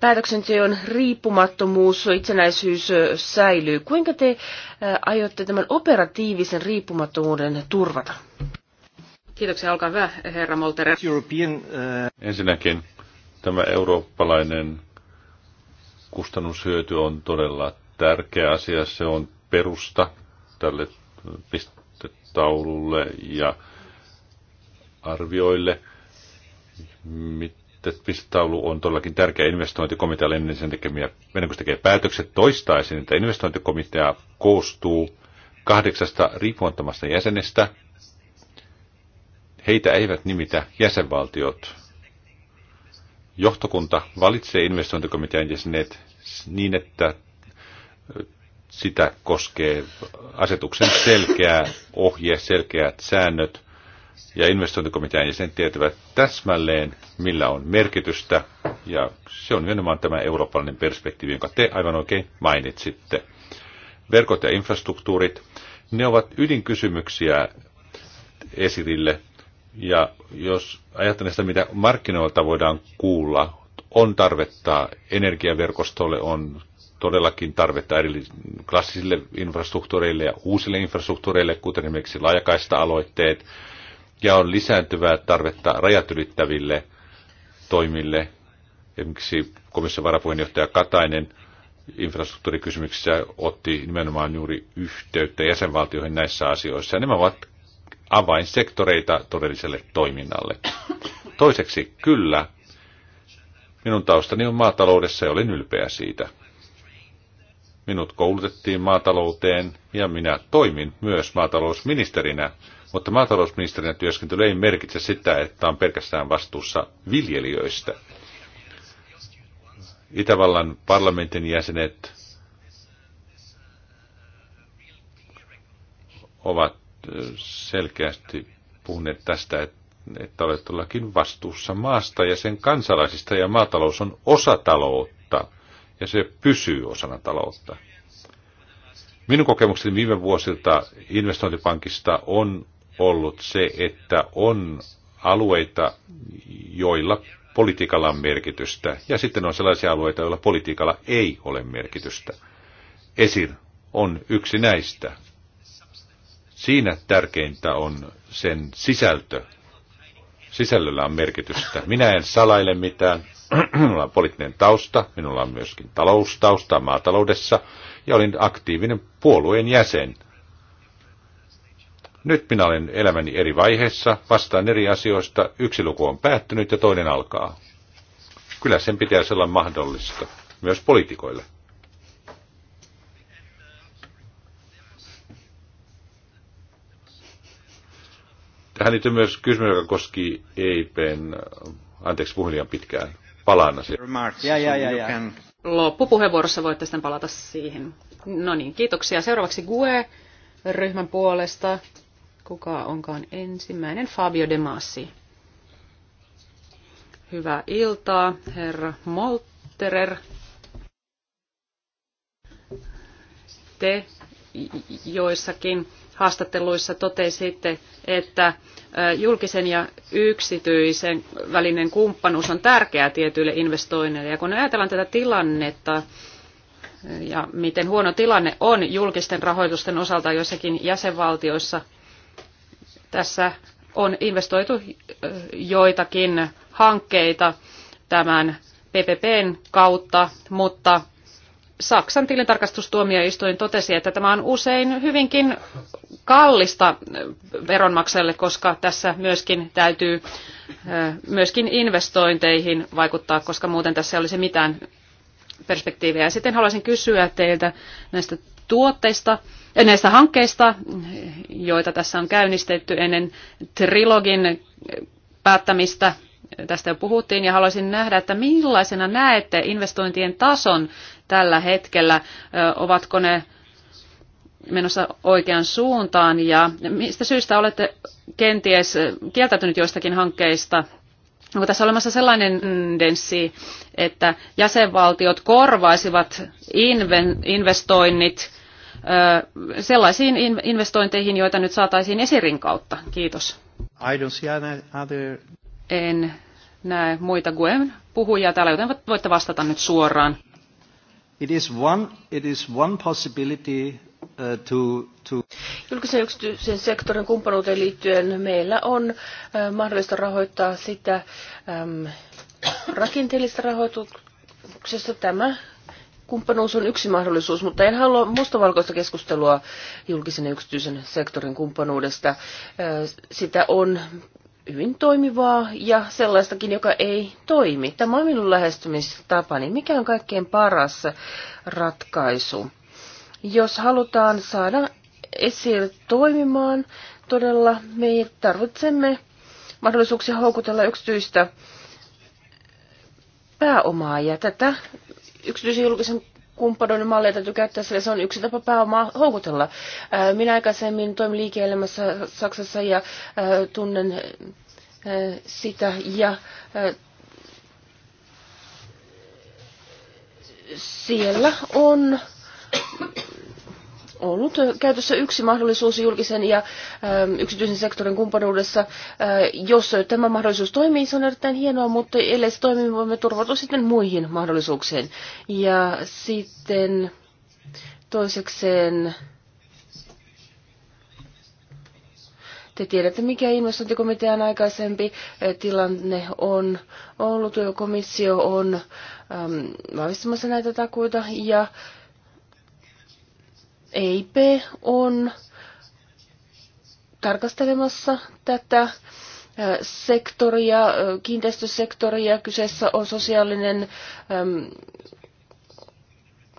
päätöksenteon riippumattomuus ja itsenäisyys äh, säilyy. Kuinka te äh, aiotte tämän operatiivisen riippumattomuuden turvata? Kiitoksia, olkaa hyvä, herra Molterer. Äh, Ensinnäkin tämä eurooppalainen kustannushyöty on todella tärkeä asia. Se on perusta tälle pistetaululle ja arvioille. Pistetaulu on todellakin tärkeä investointikomitealle ennen, sen tekemiä, ennen kuin se tekee päätökset toistaisin, että investointikomitea koostuu kahdeksasta riippumattomasta jäsenestä. Heitä eivät nimitä jäsenvaltiot johtokunta valitsee investointikomitean jäsenet niin, että sitä koskee asetuksen selkeä ohje, selkeät säännöt, ja investointikomitean jäsenet tietävät täsmälleen, millä on merkitystä, ja se on nimenomaan tämä eurooppalainen perspektiivi, jonka te aivan oikein mainitsitte. Verkot ja infrastruktuurit, ne ovat ydinkysymyksiä esirille ja jos ajattelen sitä, mitä markkinoilta voidaan kuulla, on tarvetta energiaverkostolle, on todellakin tarvetta eri klassisille infrastruktuureille ja uusille infrastruktuureille, kuten esimerkiksi laajakaista-aloitteet, ja on lisääntyvää tarvetta rajat ylittäville toimille. Esimerkiksi komission varapuheenjohtaja Katainen infrastruktuurikysymyksissä otti nimenomaan juuri yhteyttä jäsenvaltioihin näissä asioissa. Ja nämä ovat avainsektoreita todelliselle toiminnalle. Toiseksi, kyllä, minun taustani on maataloudessa ja olen ylpeä siitä. Minut koulutettiin maatalouteen ja minä toimin myös maatalousministerinä, mutta maatalousministerinä työskentely ei merkitse sitä, että on pelkästään vastuussa viljelijöistä. Itävallan parlamentin jäsenet ovat selkeästi puhuneet tästä, että, olet todellakin vastuussa maasta ja sen kansalaisista, ja maatalous on osa taloutta, ja se pysyy osana taloutta. Minun kokemukseni viime vuosilta investointipankista on ollut se, että on alueita, joilla politiikalla on merkitystä, ja sitten on sellaisia alueita, joilla politiikalla ei ole merkitystä. Esir on yksi näistä. Siinä tärkeintä on sen sisältö. Sisällöllä on merkitystä. Minä en salaile mitään. minulla on poliittinen tausta, minulla on myöskin taloustausta maataloudessa ja olin aktiivinen puolueen jäsen. Nyt minä olen elämäni eri vaiheessa, vastaan eri asioista, yksi luku on päättynyt ja toinen alkaa. Kyllä sen pitäisi olla mahdollista, myös poliitikoille. Tähän liittyy myös kysymys, joka koski EIPn, anteeksi puhelijan pitkään, palaan asiaan. Ja, ja, ja, ja. Loppupuheenvuorossa voitte sitten palata siihen. No niin, kiitoksia. Seuraavaksi GUE ryhmän puolesta. Kuka onkaan ensimmäinen? Fabio De Massi. Hyvää iltaa, herra Molterer. Te joissakin haastatteluissa totesitte, että julkisen ja yksityisen välinen kumppanuus on tärkeää tietyille investoinneille. Ja kun ajatellaan tätä tilannetta ja miten huono tilanne on julkisten rahoitusten osalta joissakin jäsenvaltioissa, tässä on investoitu joitakin hankkeita tämän PPPn kautta, mutta Saksan tilintarkastustuomioistuin totesi, että tämä on usein hyvinkin kallista veronmaksajalle, koska tässä myöskin täytyy myöskin investointeihin vaikuttaa, koska muuten tässä ei olisi mitään perspektiiviä. Ja sitten haluaisin kysyä teiltä näistä tuotteista, näistä hankkeista, joita tässä on käynnistetty ennen trilogin päättämistä tästä jo puhuttiin, ja haluaisin nähdä, että millaisena näette investointien tason tällä hetkellä, ovatko ne menossa oikeaan suuntaan ja mistä syystä olette kenties kieltäytynyt joistakin hankkeista? Onko tässä olemassa sellainen tendenssi, että jäsenvaltiot korvaisivat investoinnit sellaisiin investointeihin, joita nyt saataisiin esirin kautta? Kiitos. I don't see other... En näe muita Guen puhujia täällä, joten voitte vastata nyt suoraan. It is one, it is one possibility uh, to, to... Julkisen yksityisen sektorin kumppanuuteen liittyen meillä on mahdollista rahoittaa sitä äm, rakenteellista rahoituksesta. Tämä kumppanuus on yksi mahdollisuus, mutta en halua mustavalkoista keskustelua julkisen ja yksityisen sektorin kumppanuudesta. Sitä on hyvin toimivaa ja sellaistakin, joka ei toimi. Tämä on minun lähestymistapani. Mikä on kaikkein paras ratkaisu? Jos halutaan saada esille toimimaan, todella me tarvitsemme mahdollisuuksia houkutella yksityistä pääomaa ja tätä yksityisen julkisen kumppanoiden malleja täytyy käyttää, sillä se on yksi tapa pääomaa houkutella. Minä aikaisemmin toimin liike-elämässä Saksassa ja tunnen sitä ja siellä on ollut käytössä yksi mahdollisuus julkisen ja ähm, yksityisen sektorin kumppanuudessa. Äh, jos tämä mahdollisuus toimii, se on erittäin hienoa, mutta ellei se toimii, voimme turvautua sitten muihin mahdollisuuksiin. Ja sitten toisekseen... Te tiedätte, mikä investointikomitean aikaisempi äh, tilanne on ollut. Komissio on äm, vahvistamassa näitä takuita ja äh, EIP on tarkastelemassa tätä sektoria, kiinteistösektoria. Kyseessä on sosiaalinen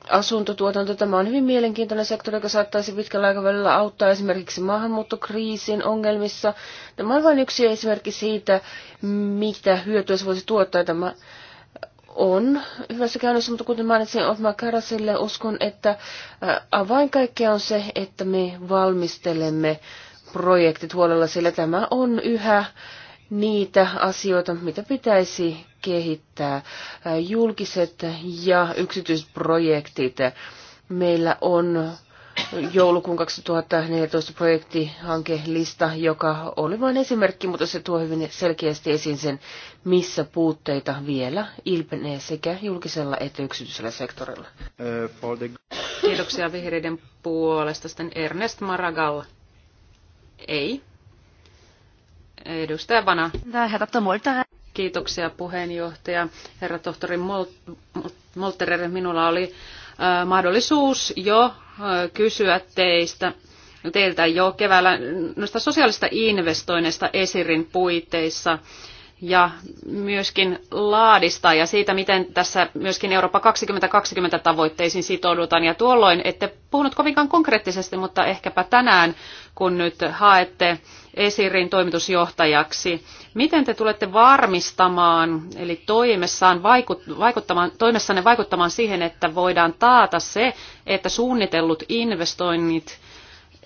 asuntotuotanto. Tämä on hyvin mielenkiintoinen sektori, joka saattaisi pitkällä aikavälillä auttaa esimerkiksi maahanmuuttokriisin ongelmissa. Tämä on vain yksi esimerkki siitä, mitä hyötyä se voisi tuottaa. Tämä on hyvässä käynnissä, mutta kuten mainitsin Otmar Karasille, uskon, että äh, avain kaikkea on se, että me valmistelemme projektit huolella, sillä tämä on yhä niitä asioita, mitä pitäisi kehittää. Äh, julkiset ja yksityisprojektit. Meillä on joulukuun 2014 projektihankelista, joka oli vain esimerkki, mutta se tuo hyvin selkeästi esiin sen, missä puutteita vielä ilpenee sekä julkisella että yksityisellä sektorilla. Kiitoksia vihreiden puolesta. Sitten Ernest Maragall. Ei. Edustaja Vana. Kiitoksia puheenjohtaja. Herra tohtori Molterer, minulla oli äh, mahdollisuus jo Äh, kysyä teistä, teiltä jo keväällä noista sosiaalista investoinneista Esirin puitteissa ja myöskin laadista ja siitä, miten tässä myöskin Eurooppa 2020 tavoitteisiin sitoudutaan. Ja tuolloin ette puhunut kovinkaan konkreettisesti, mutta ehkäpä tänään, kun nyt haette Esirin toimitusjohtajaksi, miten te tulette varmistamaan, eli toimessaan vaikuttamaan, toimessanne vaikuttamaan siihen, että voidaan taata se, että suunnitellut investoinnit –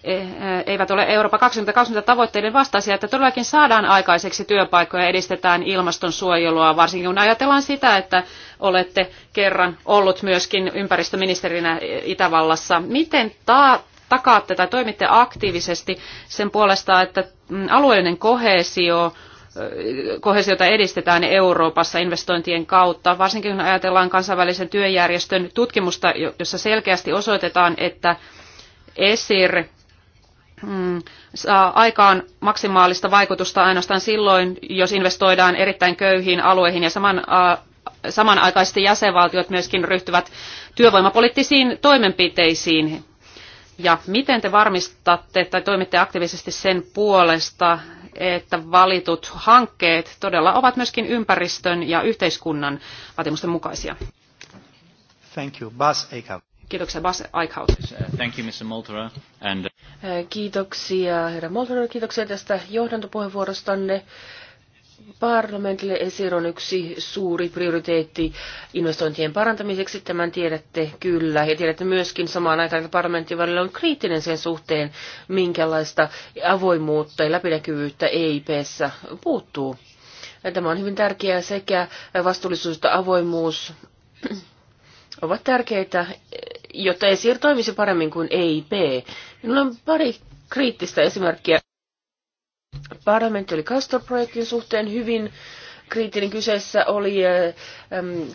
Eh, eivät ole Eurooppa 2020 tavoitteiden vastaisia, että todellakin saadaan aikaiseksi työpaikkoja ja edistetään ilmastonsuojelua, varsinkin kun ajatellaan sitä, että olette kerran ollut myöskin ympäristöministerinä Itävallassa. Miten ta- takaatte tai toimitte aktiivisesti sen puolesta, että mm, alueellinen kohesio eh, kohesiota edistetään Euroopassa investointien kautta, varsinkin kun ajatellaan kansainvälisen työjärjestön tutkimusta, jossa selkeästi osoitetaan, että ESIR Mm, saa aikaan maksimaalista vaikutusta ainoastaan silloin, jos investoidaan erittäin köyhiin alueihin ja saman, samanaikaisesti jäsenvaltiot myöskin ryhtyvät työvoimapoliittisiin toimenpiteisiin. Ja miten te varmistatte tai toimitte aktiivisesti sen puolesta, että valitut hankkeet todella ovat myöskin ympäristön ja yhteiskunnan vaatimusten mukaisia? Thank you. Bas Eichhout. Kiitoksia, Bas Eichhout. Thank you, Mr. Moltera. And, Kiitoksia herra Moltonen, kiitoksia tästä johdantopuheenvuorostanne. Parlamentille ESIR on yksi suuri prioriteetti investointien parantamiseksi. Tämän tiedätte kyllä. Ja tiedätte myöskin samaan aikaan, että parlamentin välillä on kriittinen sen suhteen, minkälaista avoimuutta ja läpinäkyvyyttä EIPssä puuttuu. Tämä on hyvin tärkeää sekä vastuullisuus että avoimuus ovat tärkeitä, jotta ESIR toimisi paremmin kuin EIP. Minulla on pari kriittistä esimerkkiä. Parlamentti oli Castor-projektin suhteen hyvin kriittinen. Kyseessä oli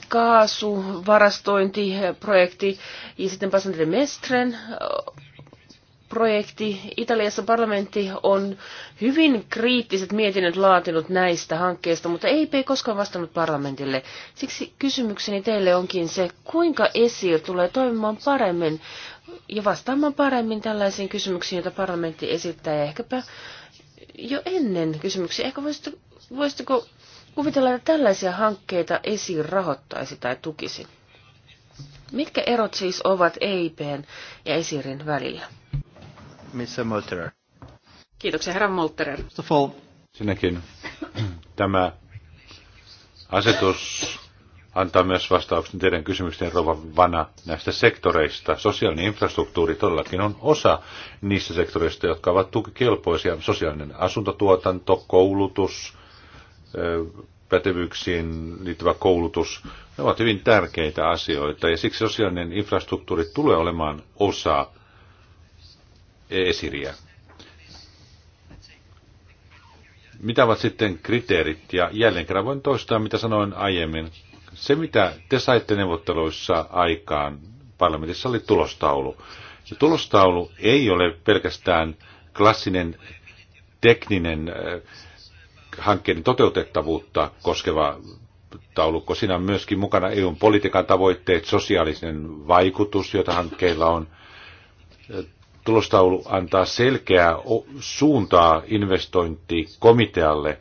kaasuvarastointiprojekti ja sitten Passante Mestren projekti. Italiassa parlamentti on hyvin kriittiset mietinnöt laatinut näistä hankkeista, mutta EIP ei koskaan vastannut parlamentille. Siksi kysymykseni teille onkin se, kuinka ESIR tulee toimimaan paremmin ja vastaamaan paremmin tällaisiin kysymyksiin, joita parlamentti esittää ja ehkäpä jo ennen kysymyksiä. Ehkä voisitko, voisitko kuvitella, että tällaisia hankkeita esiin rahoittaisi tai tukisi? Mitkä erot siis ovat EIPn ja Esirin välillä? Missä Molterer? Kiitoksia, herra Molterer. Sinäkin tämä asetus antaa myös vastauksen teidän kysymykseen Rova Vana näistä sektoreista. Sosiaalinen infrastruktuuri todellakin on osa niistä sektoreista, jotka ovat tukikelpoisia. Sosiaalinen asuntotuotanto, koulutus, pätevyyksiin liittyvä koulutus, ne ovat hyvin tärkeitä asioita ja siksi sosiaalinen infrastruktuuri tulee olemaan osa esiriä. Mitä ovat sitten kriteerit? Ja jälleen kerran voin toistaa, mitä sanoin aiemmin. Se, mitä te saitte neuvotteluissa aikaan parlamentissa, oli tulostaulu. Se tulostaulu ei ole pelkästään klassinen tekninen äh, hankkeen toteutettavuutta koskeva taulukko. Siinä on myöskin mukana EUn politiikan tavoitteet, sosiaalisen vaikutus, jota hankkeilla on. Tulostaulu antaa selkeää suuntaa investointikomitealle –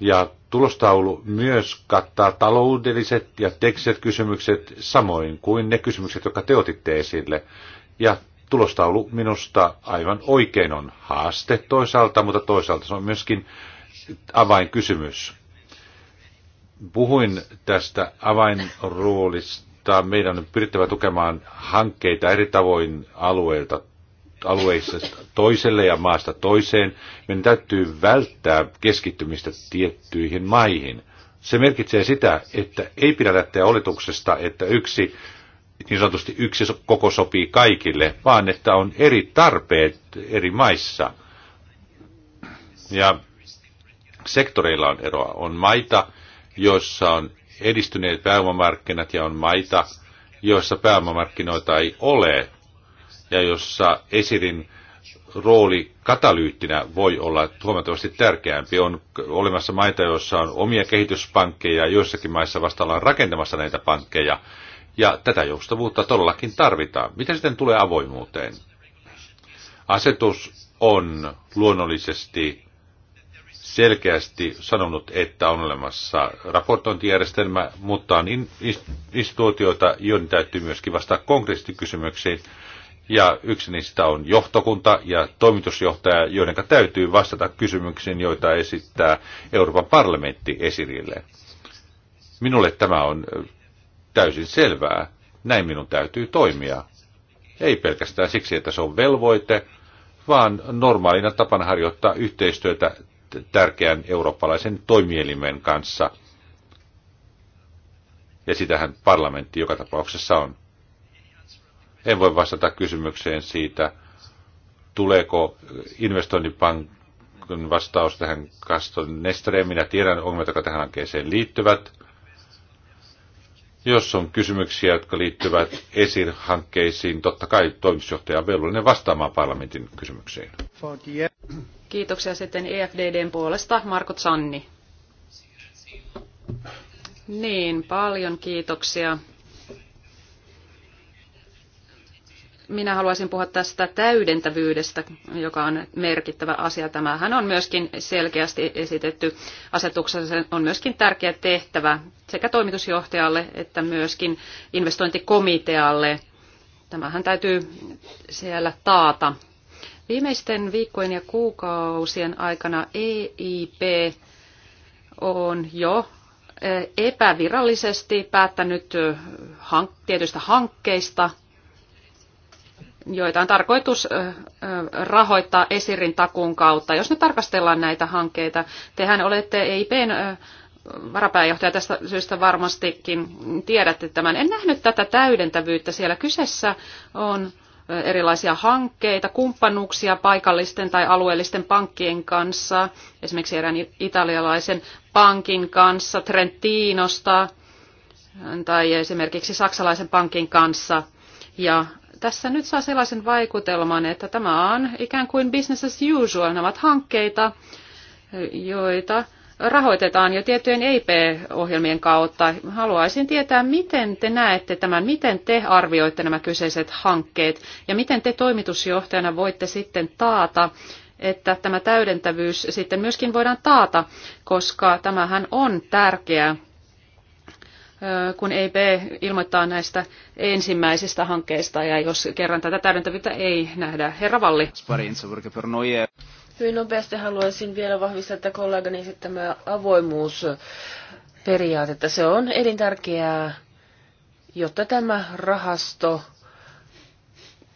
ja tulostaulu myös kattaa taloudelliset ja tekstiset kysymykset samoin kuin ne kysymykset, jotka te otitte esille. Ja tulostaulu minusta aivan oikein on haaste toisaalta, mutta toisaalta se on myöskin avainkysymys. Puhuin tästä avainroolista. Meidän on pyrittävä tukemaan hankkeita eri tavoin alueilta alueissa toiselle ja maasta toiseen, meidän täytyy välttää keskittymistä tiettyihin maihin. Se merkitsee sitä, että ei pidä lähteä oletuksesta, että yksi niin sanotusti yksi koko sopii kaikille, vaan että on eri tarpeet eri maissa. Ja sektoreilla on eroa. On maita, joissa on edistyneet pääomamarkkinat ja on maita, joissa pääomamarkkinoita ei ole ja jossa esirin rooli katalyyttinä voi olla huomattavasti tärkeämpi. On olemassa maita, joissa on omia kehityspankkeja, joissakin maissa vasta ollaan rakentamassa näitä pankkeja. Ja tätä joustavuutta todellakin tarvitaan. Mitä sitten tulee avoimuuteen? Asetus on luonnollisesti selkeästi sanonut, että on olemassa raportointijärjestelmä, mutta on instituutioita, joiden täytyy myöskin vastata konkreettisesti kysymyksiin, ja yksi niistä on johtokunta ja toimitusjohtaja, joiden täytyy vastata kysymyksiin, joita esittää Euroopan parlamentti esirille. Minulle tämä on täysin selvää. Näin minun täytyy toimia. Ei pelkästään siksi, että se on velvoite, vaan normaalina tapana harjoittaa yhteistyötä tärkeän eurooppalaisen toimielimen kanssa. Ja sitähän parlamentti joka tapauksessa on. En voi vastata kysymykseen siitä, tuleeko investointipankin vastaus tähän Kaston Nestreen. Minä tiedän ongelmat, jotka tähän hankkeeseen liittyvät. Jos on kysymyksiä, jotka liittyvät esirhankkeisiin, totta kai toimitusjohtaja on velvollinen vastaamaan parlamentin kysymyksiin. Kiitoksia sitten EFDDn puolesta. Marko Sanni. Niin, paljon kiitoksia minä haluaisin puhua tästä täydentävyydestä, joka on merkittävä asia. Tämähän on myöskin selkeästi esitetty asetuksessa. Se on myöskin tärkeä tehtävä sekä toimitusjohtajalle että myöskin investointikomitealle. Tämähän täytyy siellä taata. Viimeisten viikkojen ja kuukausien aikana EIP on jo eh, epävirallisesti päättänyt eh, tietyistä hankkeista – joita on tarkoitus rahoittaa esirin takuun kautta. Jos nyt tarkastellaan näitä hankkeita, tehän olette EIPn varapääjohtaja tästä syystä varmastikin tiedätte tämän. En nähnyt tätä täydentävyyttä siellä. Kyseessä on erilaisia hankkeita, kumppanuuksia paikallisten tai alueellisten pankkien kanssa, esimerkiksi erään italialaisen pankin kanssa Trentinosta tai esimerkiksi saksalaisen pankin kanssa. Ja tässä nyt saa sellaisen vaikutelman, että tämä on ikään kuin business as usual. Nämä ovat hankkeita, joita rahoitetaan jo tiettyjen EIP-ohjelmien kautta. Haluaisin tietää, miten te näette tämän, miten te arvioitte nämä kyseiset hankkeet ja miten te toimitusjohtajana voitte sitten taata, että tämä täydentävyys sitten myöskin voidaan taata, koska tämähän on tärkeä kun EIB ilmoittaa näistä ensimmäisistä hankkeista ja jos kerran tätä täydentävyyttä ei nähdä. Herra Valli. Hyvin nopeasti haluaisin vielä vahvistaa, että kollegani esittämä avoimuusperiaate, että se on elintärkeää, jotta tämä rahasto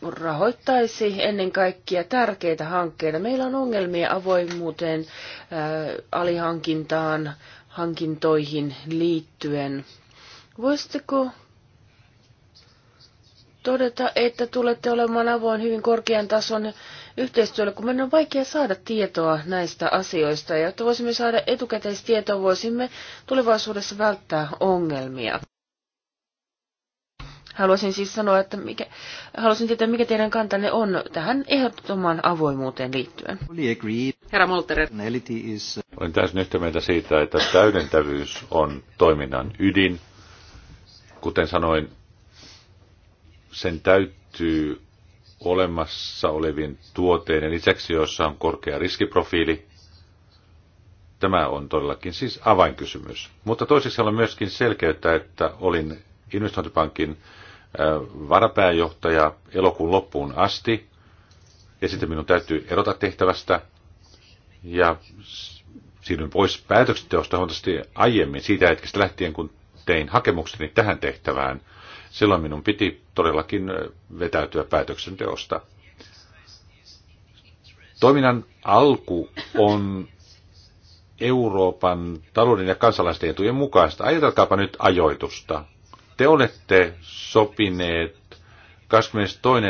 rahoittaisi ennen kaikkea tärkeitä hankkeita. Meillä on ongelmia avoimuuteen, alihankintaan, hankintoihin liittyen. Voisitteko todeta, että tulette olemaan avoin hyvin korkean tason yhteistyölle, kun meidän on vaikea saada tietoa näistä asioista, ja jotta voisimme saada etukäteistietoa, voisimme tulevaisuudessa välttää ongelmia. Haluaisin siis sanoa, että mikä, haluaisin tietää, mikä teidän kantanne on tähän ehdottomaan avoimuuteen liittyen. Herra Molterer. Olen täysin yhtä mieltä siitä, että täydentävyys on toiminnan ydin, Kuten sanoin, sen täytyy olemassa olevin tuoteiden lisäksi, joissa on korkea riskiprofiili. Tämä on todellakin siis avainkysymys. Mutta toiseksi haluan myöskin selkeyttää, että olin investointipankin varapääjohtaja elokuun loppuun asti, ja sitten minun täytyy erota tehtävästä, ja siirryn pois päätöksenteosta huomattavasti aiemmin siitä hetkestä lähtien, kun tein hakemukseni tähän tehtävään, silloin minun piti todellakin vetäytyä päätöksenteosta. Toiminnan alku on Euroopan talouden ja kansalaisten etujen mukaista. Ajatelkaapa nyt ajoitusta. Te olette sopineet 22.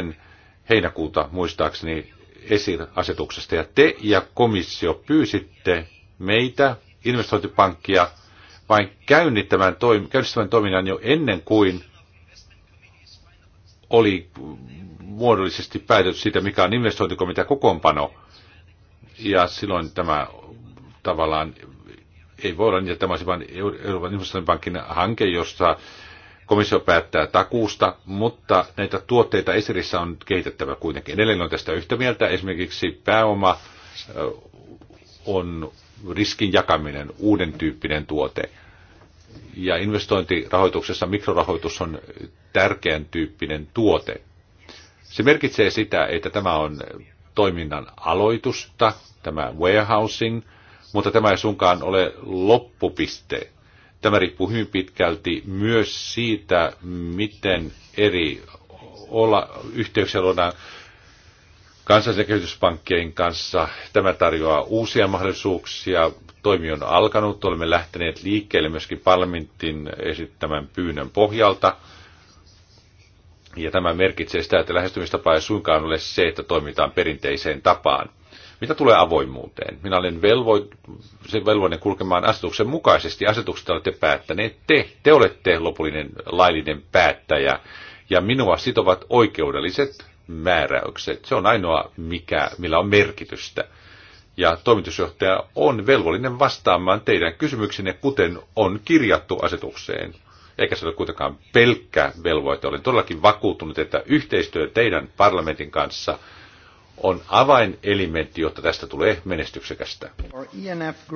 heinäkuuta muistaakseni esirasetuksesta ja te ja komissio pyysitte meitä, investointipankkia, vain käynnistämään, toim- käynnistämään toiminnan jo ennen kuin oli muodollisesti päätetty siitä, mikä on investointikomitea kokoonpano. Ja silloin tämä tavallaan ei voi olla niin, että tämä olisi vain Euroopan investointipankin hanke, jossa komissio päättää takuusta, mutta näitä tuotteita esirissä on kehitettävä kuitenkin. Edelleen on tästä yhtä mieltä. Esimerkiksi pääoma on riskin jakaminen, uuden tyyppinen tuote. Ja investointirahoituksessa mikrorahoitus on tärkeän tyyppinen tuote. Se merkitsee sitä, että tämä on toiminnan aloitusta, tämä warehousing, mutta tämä ei suinkaan ole loppupiste. Tämä riippuu hyvin pitkälti myös siitä, miten eri olla, yhteyksiä luodaan kansallisen kehityspankkien kanssa. Tämä tarjoaa uusia mahdollisuuksia. Toimi on alkanut. Olemme lähteneet liikkeelle myöskin parlamentin esittämän pyynnön pohjalta. Ja tämä merkitsee sitä, että lähestymistapa ei suinkaan ole se, että toimitaan perinteiseen tapaan. Mitä tulee avoimuuteen? Minä olen velvo, se velvoinen kulkemaan asetuksen mukaisesti. Asetukset olette päättäneet te. Te olette lopullinen laillinen päättäjä. Ja minua sitovat oikeudelliset määräykset. Se on ainoa, mikä, millä on merkitystä. Ja toimitusjohtaja on velvollinen vastaamaan teidän kysymyksenne, kuten on kirjattu asetukseen. Eikä se ole kuitenkaan pelkkä velvoite. Olen todellakin vakuuttunut, että yhteistyö teidän parlamentin kanssa on avainelementti, jotta tästä tulee menestyksekästä. E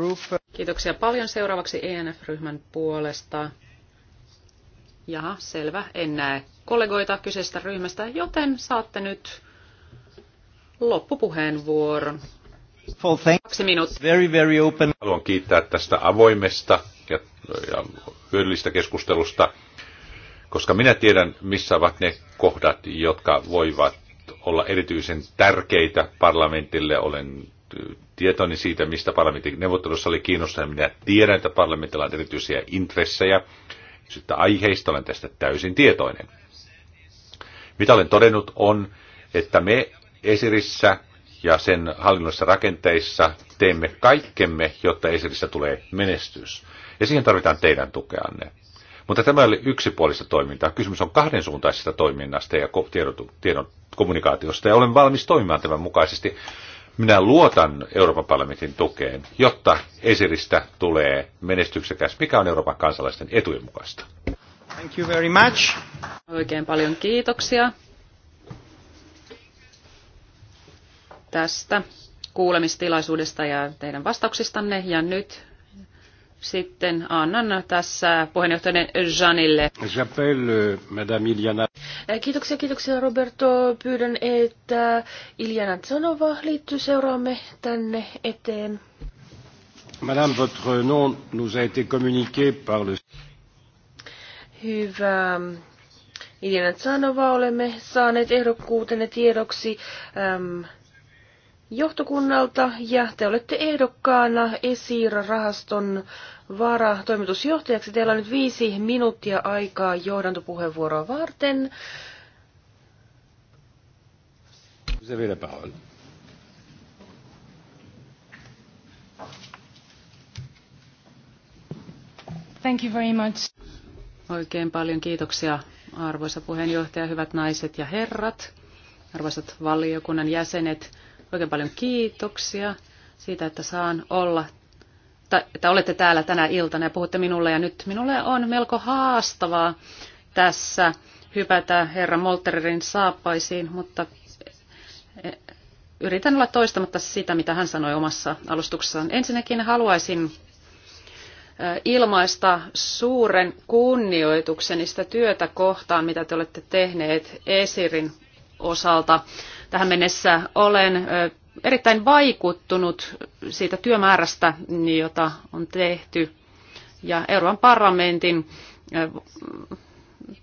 Kiitoksia paljon seuraavaksi ENF-ryhmän puolesta. Jaha, selvä. En näe kollegoita kyseisestä ryhmästä, joten saatte nyt loppupuheenvuoron. Kaksi minuuttia. Very, very open. Haluan kiittää tästä avoimesta ja, ja hyödyllistä keskustelusta, koska minä tiedän, missä ovat ne kohdat, jotka voivat olla erityisen tärkeitä parlamentille. Olen tietoni siitä, mistä parlamentin neuvottelussa oli kiinnostunut. Minä tiedän, että parlamentilla on erityisiä intressejä sitten aiheista olen tästä täysin tietoinen. Mitä olen todennut on, että me Esirissä ja sen hallinnollisissa rakenteissa teemme kaikkemme, jotta Esirissä tulee menestys. Ja siihen tarvitaan teidän tukeanne. Mutta tämä oli yksipuolista toimintaa. Kysymys on kahdensuuntaisesta toiminnasta ja tiedon, tiedon kommunikaatiosta. Ja olen valmis toimimaan tämän mukaisesti. Minä luotan Euroopan parlamentin tukeen, jotta Esiristä tulee menestyksekäs, mikä on Euroopan kansalaisten etujen mukaista. Thank you very much. Oikein paljon kiitoksia tästä kuulemistilaisuudesta ja teidän vastauksistanne. Ja nyt sitten annan tässä puheenjohtajan Janille. Euh, Madame eh, Kiitoksia, kiitoksia Roberto. Pyydän, että Iljana Zanova liittyy seuraamme tänne eteen. Madame, votre nom nous a été communiqué par le... Hyvä. Iljana Zanova, olemme saaneet ehdokkuutenne tiedoksi. Ähm, johtokunnalta ja te olette ehdokkaana ESIR-rahaston varatoimitusjohtajaksi. Teillä on nyt viisi minuuttia aikaa johdantopuheenvuoroa varten. Thank you very much. Oikein paljon kiitoksia arvoisa puheenjohtaja, hyvät naiset ja herrat, arvoisat valiokunnan jäsenet. Oikein paljon kiitoksia siitä, että saan olla, tai, että olette täällä tänä iltana ja puhutte minulle. Ja nyt minulle on melko haastavaa tässä hypätä herra Molterin saappaisiin, mutta e, yritän olla toistamatta sitä, mitä hän sanoi omassa alustuksessaan. Ensinnäkin haluaisin e, ilmaista suuren kunnioitukseni sitä työtä kohtaan, mitä te olette tehneet Esirin osalta tähän mennessä. Olen erittäin vaikuttunut siitä työmäärästä, jota on tehty, ja Euroopan parlamentin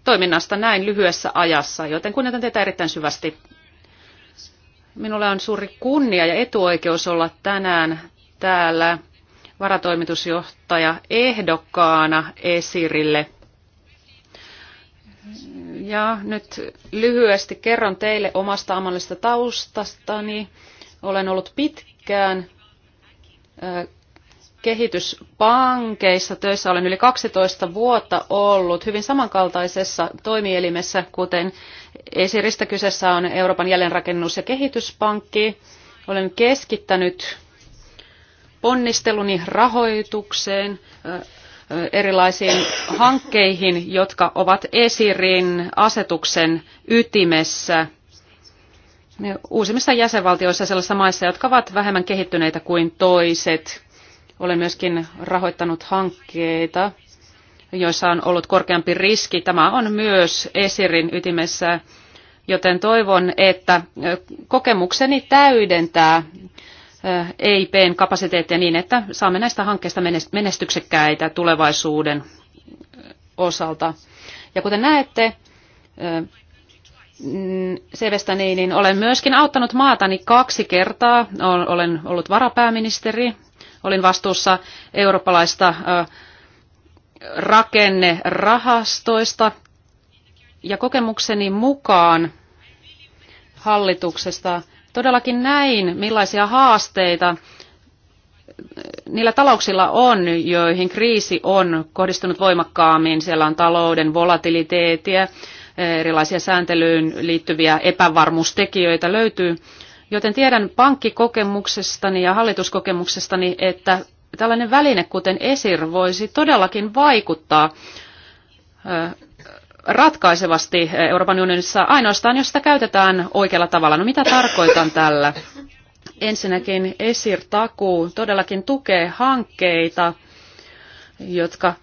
toiminnasta näin lyhyessä ajassa, joten kunnioitan teitä erittäin syvästi. Minulla on suuri kunnia ja etuoikeus olla tänään täällä varatoimitusjohtaja ehdokkaana esirille. Ja nyt lyhyesti kerron teille omasta ammallisesta taustastani. Olen ollut pitkään kehityspankeissa töissä. Olen yli 12 vuotta ollut hyvin samankaltaisessa toimielimessä, kuten esiristä kyseessä on Euroopan jälleenrakennus- ja kehityspankki. Olen keskittänyt ponnisteluni rahoitukseen, erilaisiin hankkeihin, jotka ovat esirin asetuksen ytimessä uusimmissa jäsenvaltioissa sellaisissa maissa, jotka ovat vähemmän kehittyneitä kuin toiset. Olen myöskin rahoittanut hankkeita, joissa on ollut korkeampi riski. Tämä on myös esirin ytimessä, joten toivon, että kokemukseni täydentää EIPn kapasiteettia niin, että saamme näistä hankkeista menestyksekkäitä tulevaisuuden osalta. Ja kuten näette, niin, niin olen myöskin auttanut maatani kaksi kertaa. Olen ollut varapääministeri, olin vastuussa eurooppalaista rakennerahastoista ja kokemukseni mukaan hallituksesta – todellakin näin, millaisia haasteita niillä talouksilla on, joihin kriisi on kohdistunut voimakkaammin. Siellä on talouden volatiliteettia, erilaisia sääntelyyn liittyviä epävarmuustekijöitä löytyy. Joten tiedän pankkikokemuksestani ja hallituskokemuksestani, että tällainen väline kuten ESIR voisi todellakin vaikuttaa ratkaisevasti Euroopan unionissa ainoastaan, jos sitä käytetään oikealla tavalla. No mitä tarkoitan tällä? Ensinnäkin ESIR-takuu todellakin tukee hankkeita, jotka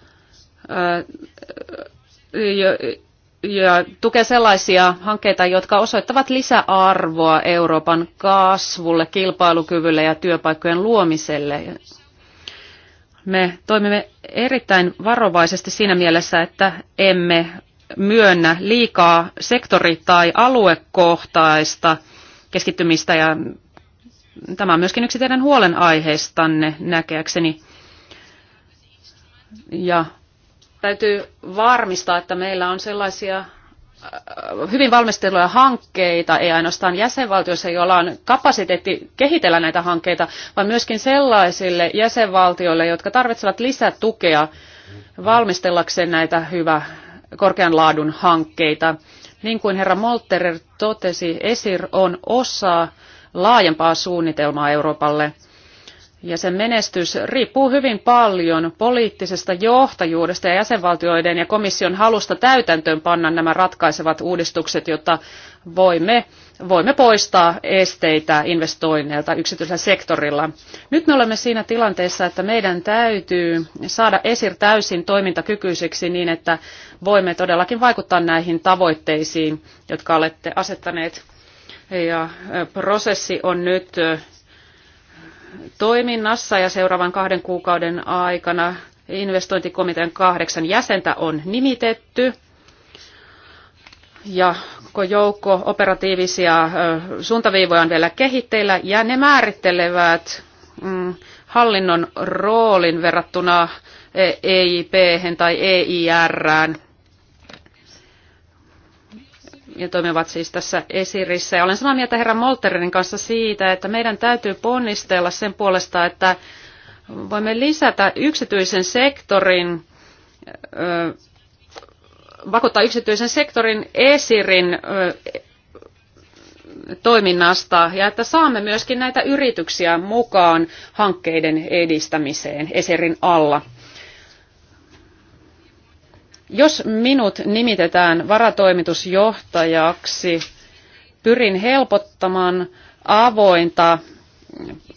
ja tukee sellaisia hankkeita, jotka osoittavat lisäarvoa Euroopan kasvulle, kilpailukyvylle ja työpaikkojen luomiselle. Me toimimme erittäin varovaisesti siinä mielessä, että emme myönnä liikaa sektori- tai aluekohtaista keskittymistä ja tämä on myöskin yksi teidän huolenaiheistanne näkeäkseni. Ja täytyy varmistaa, että meillä on sellaisia äh, hyvin valmisteluja hankkeita, ei ainoastaan jäsenvaltioissa, joilla on kapasiteetti kehitellä näitä hankkeita, vaan myöskin sellaisille jäsenvaltioille, jotka tarvitsevat lisätukea valmistellakseen näitä hyvä korkean laadun hankkeita. Niin kuin herra Molterer totesi, ESIR on osa laajempaa suunnitelmaa Euroopalle – ja sen menestys riippuu hyvin paljon poliittisesta johtajuudesta ja jäsenvaltioiden ja komission halusta täytäntöön panna nämä ratkaisevat uudistukset, jotta voimme, voimme poistaa esteitä investoinneilta yksityisellä sektorilla. Nyt me olemme siinä tilanteessa, että meidän täytyy saada esir täysin toimintakykyiseksi niin, että voimme todellakin vaikuttaa näihin tavoitteisiin, jotka olette asettaneet. Ja prosessi on nyt toiminnassa ja seuraavan kahden kuukauden aikana investointikomitean kahdeksan jäsentä on nimitetty ja joukko operatiivisia suuntaviivoja on vielä kehitteillä ja ne määrittelevät mm, hallinnon roolin verrattuna EIP tai EIR. -ään ja toimivat siis tässä esirissä. Ja olen samaa mieltä herra Molterin kanssa siitä, että meidän täytyy ponnistella sen puolesta, että voimme lisätä yksityisen sektorin, ö, vakuuttaa yksityisen sektorin esirin ö, toiminnasta ja että saamme myöskin näitä yrityksiä mukaan hankkeiden edistämiseen esirin alla. Jos minut nimitetään varatoimitusjohtajaksi, pyrin helpottamaan avointa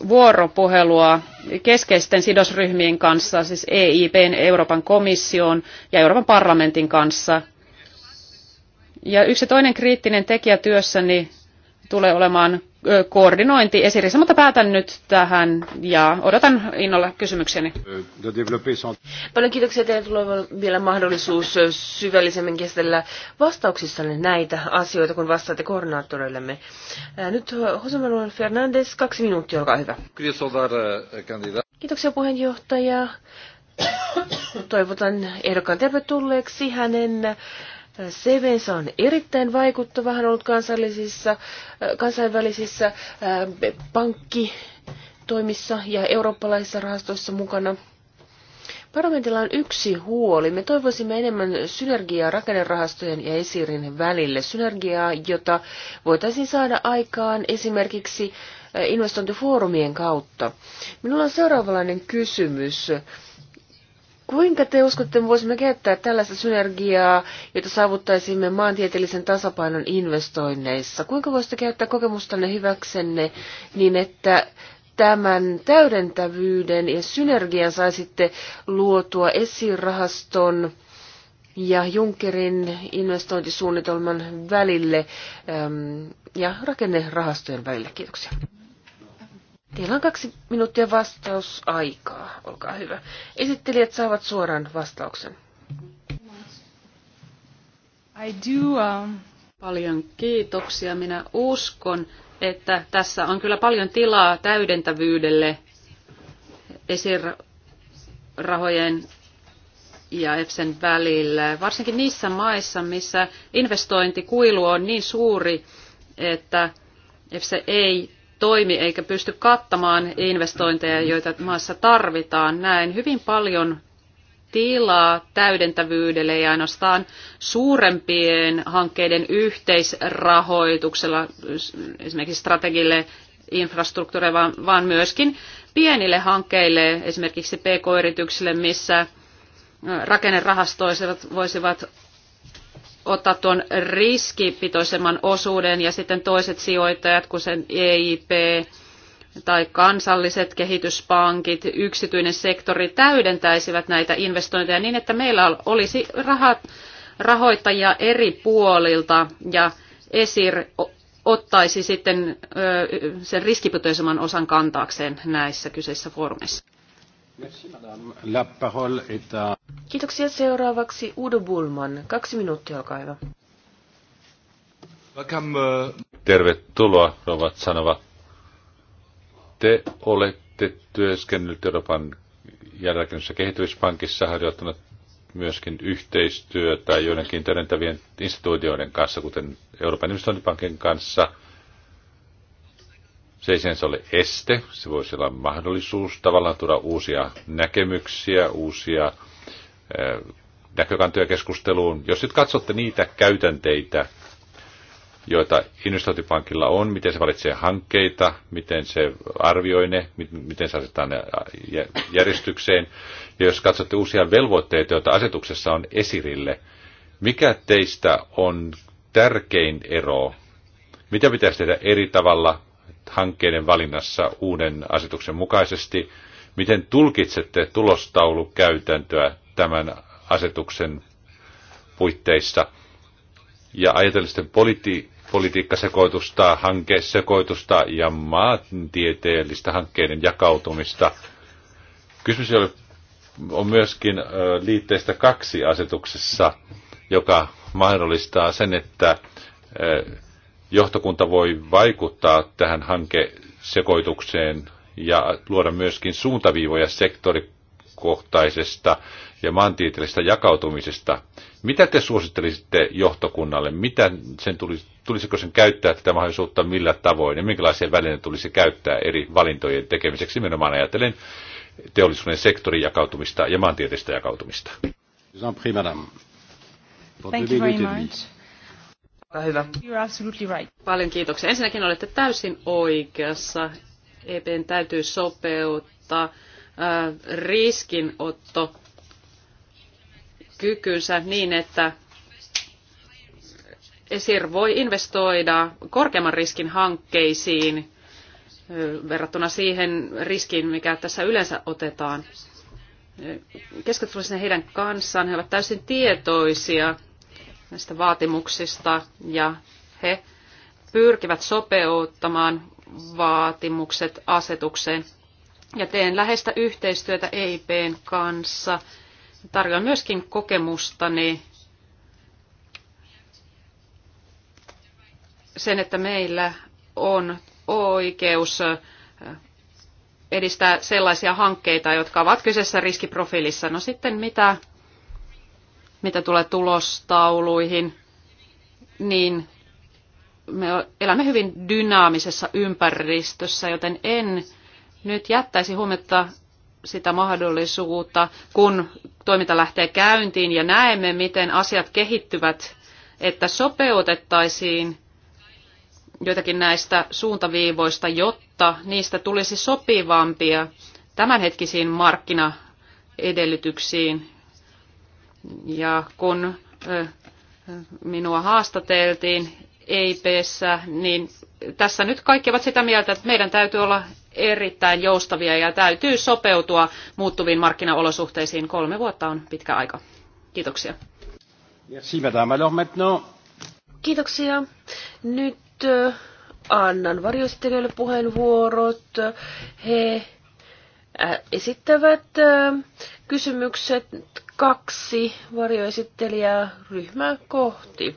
vuoropuhelua keskeisten sidosryhmien kanssa, siis EIPn, Euroopan komission ja Euroopan parlamentin kanssa. Ja yksi toinen kriittinen tekijä työssäni tulee olemaan koordinointi esirissä, mutta päätän nyt tähän ja odotan innolla kysymykseni. Paljon kiitoksia. Teille tulee vielä mahdollisuus syvällisemmin kestellä vastauksissanne näitä asioita, kun vastaatte koordinaattoreillemme. Nyt Jose Manuel Fernandez, kaksi minuuttia, olkaa hyvä. Kiitoksia puheenjohtaja. Toivotan ehdokkaan tervetulleeksi hänen CVnsä on erittäin vaikuttava, hän on ollut kansallisissa, äh, kansainvälisissä äh, pankkitoimissa ja eurooppalaisissa rahastoissa mukana. Parlamentilla on yksi huoli. Me toivoisimme enemmän synergiaa rakennerahastojen ja esirin välille. Synergiaa, jota voitaisiin saada aikaan esimerkiksi äh, investointifoorumien kautta. Minulla on seuraavanlainen kysymys. Kuinka te uskotte, voisimme käyttää tällaista synergiaa, jota saavuttaisimme maantieteellisen tasapainon investoinneissa? Kuinka voisitte käyttää kokemustanne hyväksenne niin, että tämän täydentävyyden ja synergian saisitte luotua esirahaston ja Junckerin investointisuunnitelman välille ja rakennerahastojen välille? Kiitoksia. Teillä on kaksi minuuttia vastausaikaa. Olkaa hyvä. Esittelijät saavat suoran vastauksen. I do, um... Paljon kiitoksia. Minä uskon, että tässä on kyllä paljon tilaa täydentävyydelle esirahojen ja EFSen välillä, varsinkin niissä maissa, missä investointikuilu on niin suuri, että EFSE ei toimi eikä pysty kattamaan investointeja, joita maassa tarvitaan. Näin hyvin paljon tilaa täydentävyydelle ja ainoastaan suurempien hankkeiden yhteisrahoituksella, esimerkiksi strategille infrastruktuurille, vaan, vaan myöskin pienille hankkeille, esimerkiksi pk-yrityksille, missä rakennerahastoiset voisivat ottaa tuon riskipitoisemman osuuden ja sitten toiset sijoittajat, kuten EIP tai kansalliset kehityspankit, yksityinen sektori täydentäisivät näitä investointeja niin, että meillä olisi rahat, rahoittajia eri puolilta ja ESIR ottaisi sitten sen riskipitoisemman osan kantaakseen näissä kyseisissä foorumeissa. Kiitoksia seuraavaksi Udo Bulman. Kaksi minuuttia, olkaa hyvä. Uh, Tervetuloa, rovat sanova. Te olette työskennellyt Euroopan jälleenrakennus- kehityspankissa harjoittanut myöskin yhteistyötä joidenkin täydentävien instituutioiden kanssa, kuten Euroopan investointipankin kanssa – se ei sen ole este, se voisi olla mahdollisuus tavallaan tuoda uusia näkemyksiä, uusia näkökantoja keskusteluun. Jos nyt katsotte niitä käytänteitä, joita investointipankilla on, miten se valitsee hankkeita, miten se arvioi ne, miten se asetetaan ne järjestykseen. Ja jos katsotte uusia velvoitteita, joita asetuksessa on esirille, mikä teistä on tärkein ero? Mitä pitäisi tehdä eri tavalla hankkeiden valinnassa uuden asetuksen mukaisesti. Miten tulkitsette tulostaulukäytäntöä tämän asetuksen puitteissa? Ja ajatellisten sitten politi- politiikkasekoitusta, hankesekoitusta ja maantieteellistä hankkeiden jakautumista. Kysymys oli, on myöskin liitteestä kaksi asetuksessa, joka mahdollistaa sen, että johtokunta voi vaikuttaa tähän hankesekoitukseen ja luoda myöskin suuntaviivoja sektorikohtaisesta ja maantieteellisestä jakautumisesta. Mitä te suosittelisitte johtokunnalle? Mitä sen tulisi, tulisiko sen käyttää tätä mahdollisuutta millä tavoin ja minkälaisia välineitä tulisi käyttää eri valintojen tekemiseksi? Nimenomaan ajatellen teollisuuden sektorin jakautumista ja maantieteellistä jakautumista. Thank you very much. Olkaa hyvä. You're absolutely right. Paljon kiitoksia. Ensinnäkin olette täysin oikeassa. EPn täytyy sopeuttaa äh, riskinotto kykynsä niin, että ESIR voi investoida korkeamman riskin hankkeisiin verrattuna siihen riskiin, mikä tässä yleensä otetaan. Keskustelisin heidän kanssaan he ovat täysin tietoisia näistä vaatimuksista ja he pyrkivät sopeuttamaan vaatimukset asetukseen. Ja teen läheistä yhteistyötä EIPn kanssa. Tarjoan myöskin kokemustani sen, että meillä on oikeus edistää sellaisia hankkeita, jotka ovat kyseessä riskiprofiilissa. No sitten mitä mitä tulee tulostauluihin, niin me elämme hyvin dynaamisessa ympäristössä, joten en nyt jättäisi huomiota sitä mahdollisuutta, kun toiminta lähtee käyntiin ja näemme, miten asiat kehittyvät, että sopeutettaisiin joitakin näistä suuntaviivoista, jotta niistä tulisi sopivampia tämänhetkisiin markkinaedellytyksiin ja kun minua haastateltiin EIPssä, niin tässä nyt kaikki ovat sitä mieltä, että meidän täytyy olla erittäin joustavia ja täytyy sopeutua muuttuviin markkinaolosuhteisiin. Kolme vuotta on pitkä aika. Kiitoksia. Merci, madame. Kiitoksia. Nyt annan varjostelijoille puheenvuorot. He esittävät kysymykset kaksi varjoesittelijää ryhmää kohti.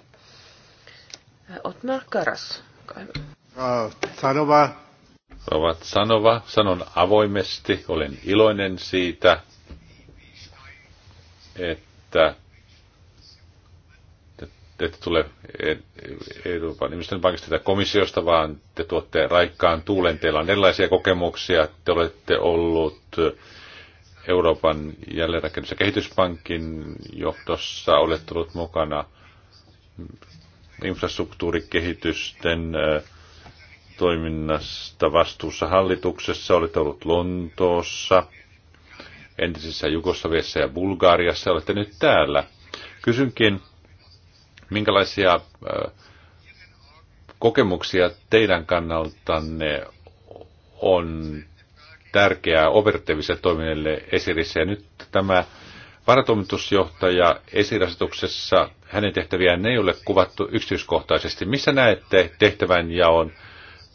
Otmar Karas, Sanova. Ovat sanova, sanon avoimesti, olen iloinen siitä, että, ette tulee Euroopan ihmisten pankista tai komissiosta, vaan te tuotte raikkaan tuulen. Teillä on erilaisia kokemuksia, te olette ollut Euroopan jälleenrakennus- ja kehityspankin johtossa olet ollut mukana infrastruktuurikehitysten toiminnasta vastuussa hallituksessa, olet ollut Lontoossa, entisissä Jugoslaviassa ja Bulgaariassa, olette nyt täällä. Kysynkin, minkälaisia kokemuksia teidän kannaltanne on tärkeää operatiiviselle toiminnalle esirissä. Ja nyt tämä varatoimitusjohtaja esirasetuksessa, hänen tehtäviään ei ole kuvattu yksityiskohtaisesti. Missä näette tehtävän jaon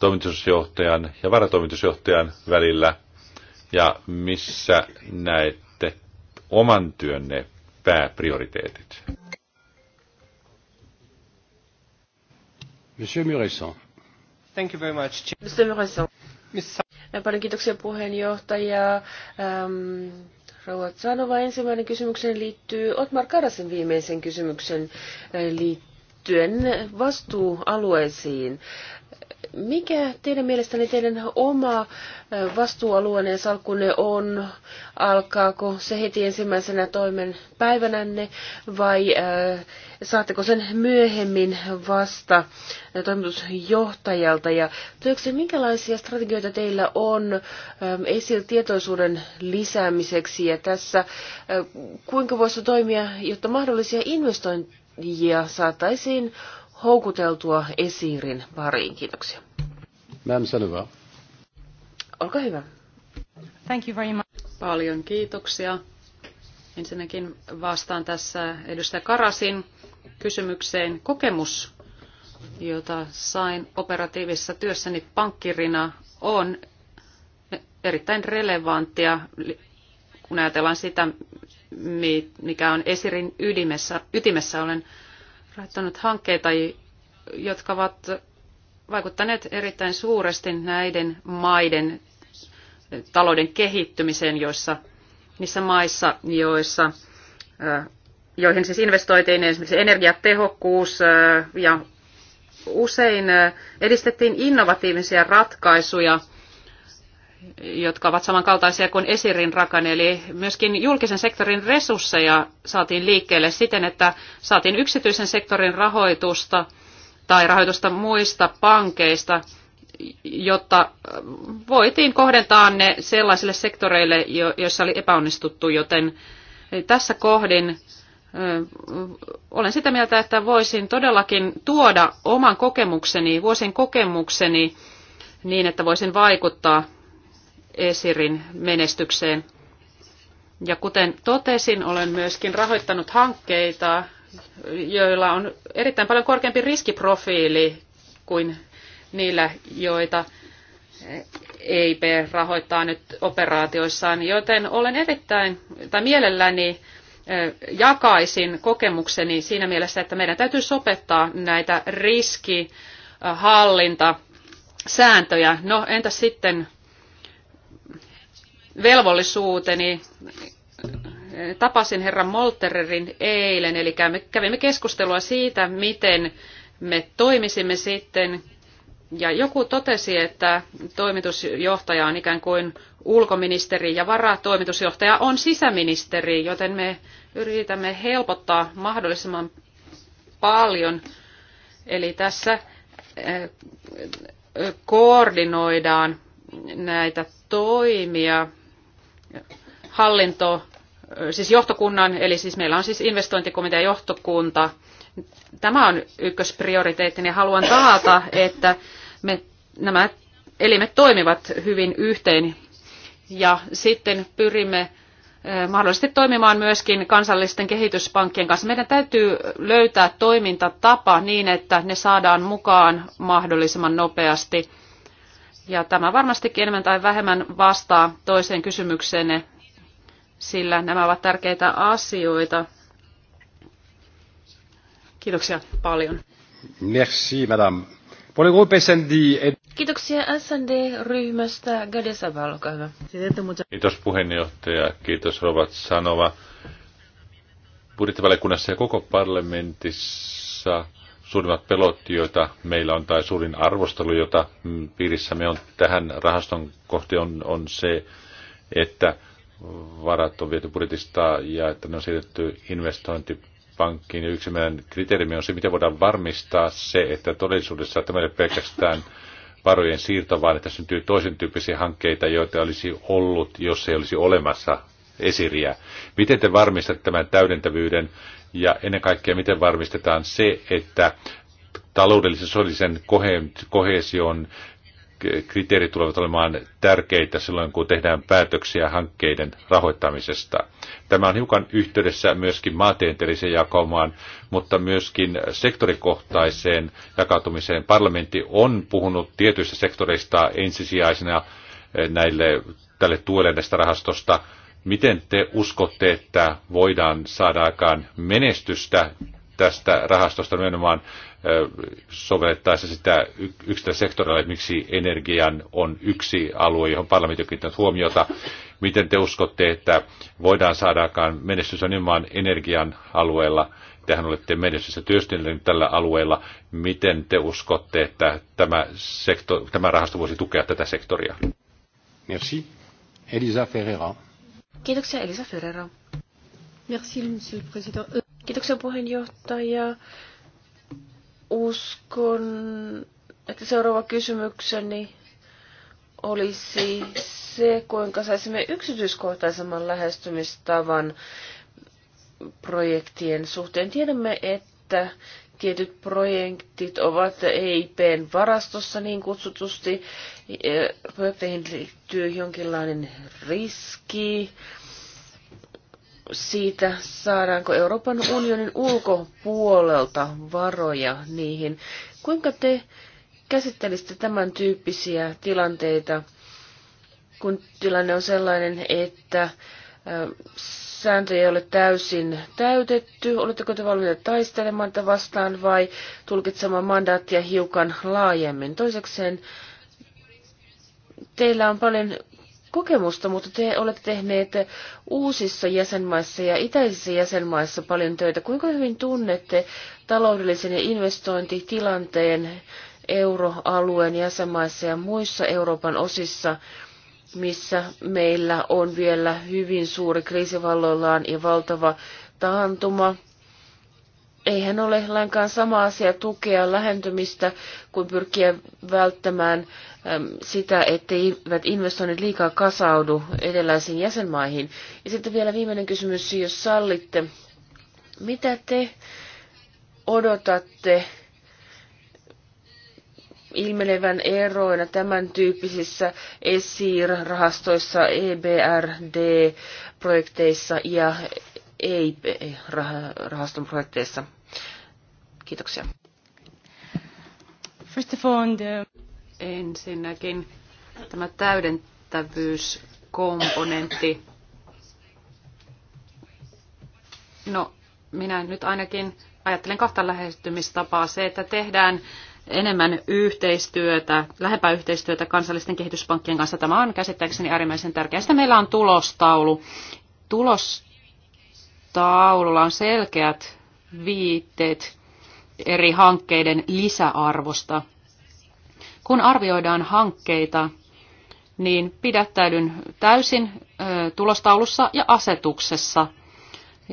toimitusjohtajan ja varatoimitusjohtajan välillä ja missä näette oman työnne pääprioriteetit? Monsieur Muresson. Thank you very much. Monsieur Muresson. Paljon kiitoksia puheenjohtaja. Ähm, Rauha Sanova, ensimmäinen kysymykseen liittyy Otmar Karasen viimeisen kysymyksen äh, liittyen vastuualueisiin. Mikä teidän mielestänne teidän oma vastuualueenne ja salkkunne on? Alkaako se heti ensimmäisenä toimen päivänänne vai saatteko sen myöhemmin vasta toimitusjohtajalta? Ja työksi, minkälaisia strategioita teillä on esiltietoisuuden lisäämiseksi ja tässä kuinka voisi toimia, jotta mahdollisia investointeja saataisiin houkuteltua esiirin pariin. Kiitoksia. Ma'am Sanova. Olkaa hyvä. Thank you very much. Paljon kiitoksia. Ensinnäkin vastaan tässä edustaja Karasin kysymykseen. Kokemus, jota sain operatiivisessa työssäni pankkirina, on erittäin relevanttia, kun ajatellaan sitä, mikä on esirin ydimessä. ytimessä. Olen rahoittanut hankkeita, jotka ovat vaikuttaneet erittäin suuresti näiden maiden talouden kehittymiseen, joissa, niissä maissa, joissa, joihin siis investoitiin esimerkiksi energiatehokkuus ja usein edistettiin innovatiivisia ratkaisuja – jotka ovat samankaltaisia kuin Esirin rakan, eli myöskin julkisen sektorin resursseja saatiin liikkeelle siten, että saatiin yksityisen sektorin rahoitusta tai rahoitusta muista pankeista, jotta voitiin kohdentaa ne sellaisille sektoreille, joissa oli epäonnistuttu, joten tässä kohdin olen sitä mieltä, että voisin todellakin tuoda oman kokemukseni, vuosien kokemukseni, niin, että voisin vaikuttaa Esirin menestykseen. Ja kuten totesin, olen myöskin rahoittanut hankkeita, joilla on erittäin paljon korkeampi riskiprofiili kuin niillä, joita EIP rahoittaa nyt operaatioissaan, joten olen erittäin, tai mielelläni jakaisin kokemukseni siinä mielessä, että meidän täytyy sopettaa näitä riskihallinta sääntöjä. No entä sitten velvollisuuteni. Tapasin herran Moltererin eilen, eli kävimme keskustelua siitä, miten me toimisimme sitten. Ja joku totesi, että toimitusjohtaja on ikään kuin ulkoministeri ja varatoimitusjohtaja on sisäministeri, joten me yritämme helpottaa mahdollisimman paljon. Eli tässä eh, koordinoidaan näitä toimia hallinto, siis johtokunnan, eli siis meillä on siis investointikomitea johtokunta. Tämä on ykkösprioriteetti, ja haluan taata, että me, nämä elimet toimivat hyvin yhteen. Ja sitten pyrimme mahdollisesti toimimaan myöskin kansallisten kehityspankkien kanssa. Meidän täytyy löytää toimintatapa niin, että ne saadaan mukaan mahdollisimman nopeasti ja tämä varmastikin enemmän tai vähemmän vastaa toiseen kysymykseen, sillä nämä ovat tärkeitä asioita. Kiitoksia paljon. Merci, madame. Pour le groupe SND... Kiitoksia SND-ryhmästä. Gade olkaa hyvä. Kiitos puheenjohtaja, kiitos Robert Sanova. Budjettivaliokunnassa ja koko parlamentissa suurimmat pelot, joita meillä on, tai suurin arvostelu, jota mm, piirissämme on tähän rahaston kohti, on, on se, että varat on viety budjetista ja että ne on siirretty investointipankkiin. Ja yksi meidän kriteerimme on se, miten voidaan varmistaa se, että todellisuudessa tämä ei pelkästään varojen siirto, vaan että syntyy toisen tyyppisiä hankkeita, joita olisi ollut, jos ei olisi olemassa esiriä. Miten te varmistatte tämän täydentävyyden ja ennen kaikkea miten varmistetaan se, että taloudellisen sosiaalisen kohesion kriteerit tulevat olemaan tärkeitä silloin, kun tehdään päätöksiä hankkeiden rahoittamisesta. Tämä on hiukan yhteydessä myöskin maantieteelliseen jakaumaan, mutta myöskin sektorikohtaiseen jakautumiseen. Parlamentti on puhunut tietyistä sektoreista ensisijaisena eh, näille, tälle tuelle näistä rahastosta, Miten te uskotte, että voidaan saada aikaan menestystä tästä rahastosta nimenomaan sovellettaessa sitä yksittäisellä sektorilla, miksi energian on yksi alue, johon parlamentti on kiinnittänyt huomiota. Miten te uskotte, että voidaan saada aikaan menestystä nimenomaan energian alueella? Tehän olette menestyssä työstöllinen tällä alueella. Miten te uskotte, että tämä, sektor, tämä rahasto voisi tukea tätä sektoria? Merci. Elisa Ferreira. Kiitoksia Elisa Ferrero. Merci, monsieur le président. Kiitoksia puheenjohtaja. Uskon, että seuraava kysymykseni olisi se, kuinka saisimme yksityiskohtaisemman lähestymistavan projektien suhteen. Tiedämme, että tietyt projektit ovat EIPn varastossa niin kutsutusti. E, projekteihin liittyy jonkinlainen riski siitä, saadaanko Euroopan unionin ulkopuolelta varoja niihin. Kuinka te käsittelisitte tämän tyyppisiä tilanteita, kun tilanne on sellainen, että sääntöjä ei ole täysin täytetty. Oletteko te valmiita taistelemaan tätä vastaan vai tulkitsemaan mandaattia hiukan laajemmin? Toisekseen, teillä on paljon kokemusta, mutta te olette tehneet uusissa jäsenmaissa ja itäisissä jäsenmaissa paljon töitä. Kuinka hyvin tunnette taloudellisen ja investointitilanteen euroalueen jäsenmaissa ja muissa Euroopan osissa – missä meillä on vielä hyvin suuri kriisivalloillaan ja valtava taantuma. Eihän ole lainkaan sama asia tukea lähentymistä kuin pyrkiä välttämään sitä, etteivät investoinnit liikaa kasaudu edelläisiin jäsenmaihin. Ja sitten vielä viimeinen kysymys, jos sallitte. Mitä te odotatte ilmenevän eroina tämän tyyppisissä ESIR-rahastoissa, EBRD-projekteissa ja EIP-rahaston projekteissa? Kiitoksia. First of all, the... Ensinnäkin tämä täydentävyyskomponentti. No, minä nyt ainakin ajattelen kahta lähestymistapaa. Se, että tehdään enemmän yhteistyötä, lähempää yhteistyötä kansallisten kehityspankkien kanssa. Tämä on käsittääkseni äärimmäisen tärkeää. Sitten meillä on tulostaulu. Tulostaululla on selkeät viitteet eri hankkeiden lisäarvosta. Kun arvioidaan hankkeita, niin pidättäydyn täysin tulostaulussa ja asetuksessa.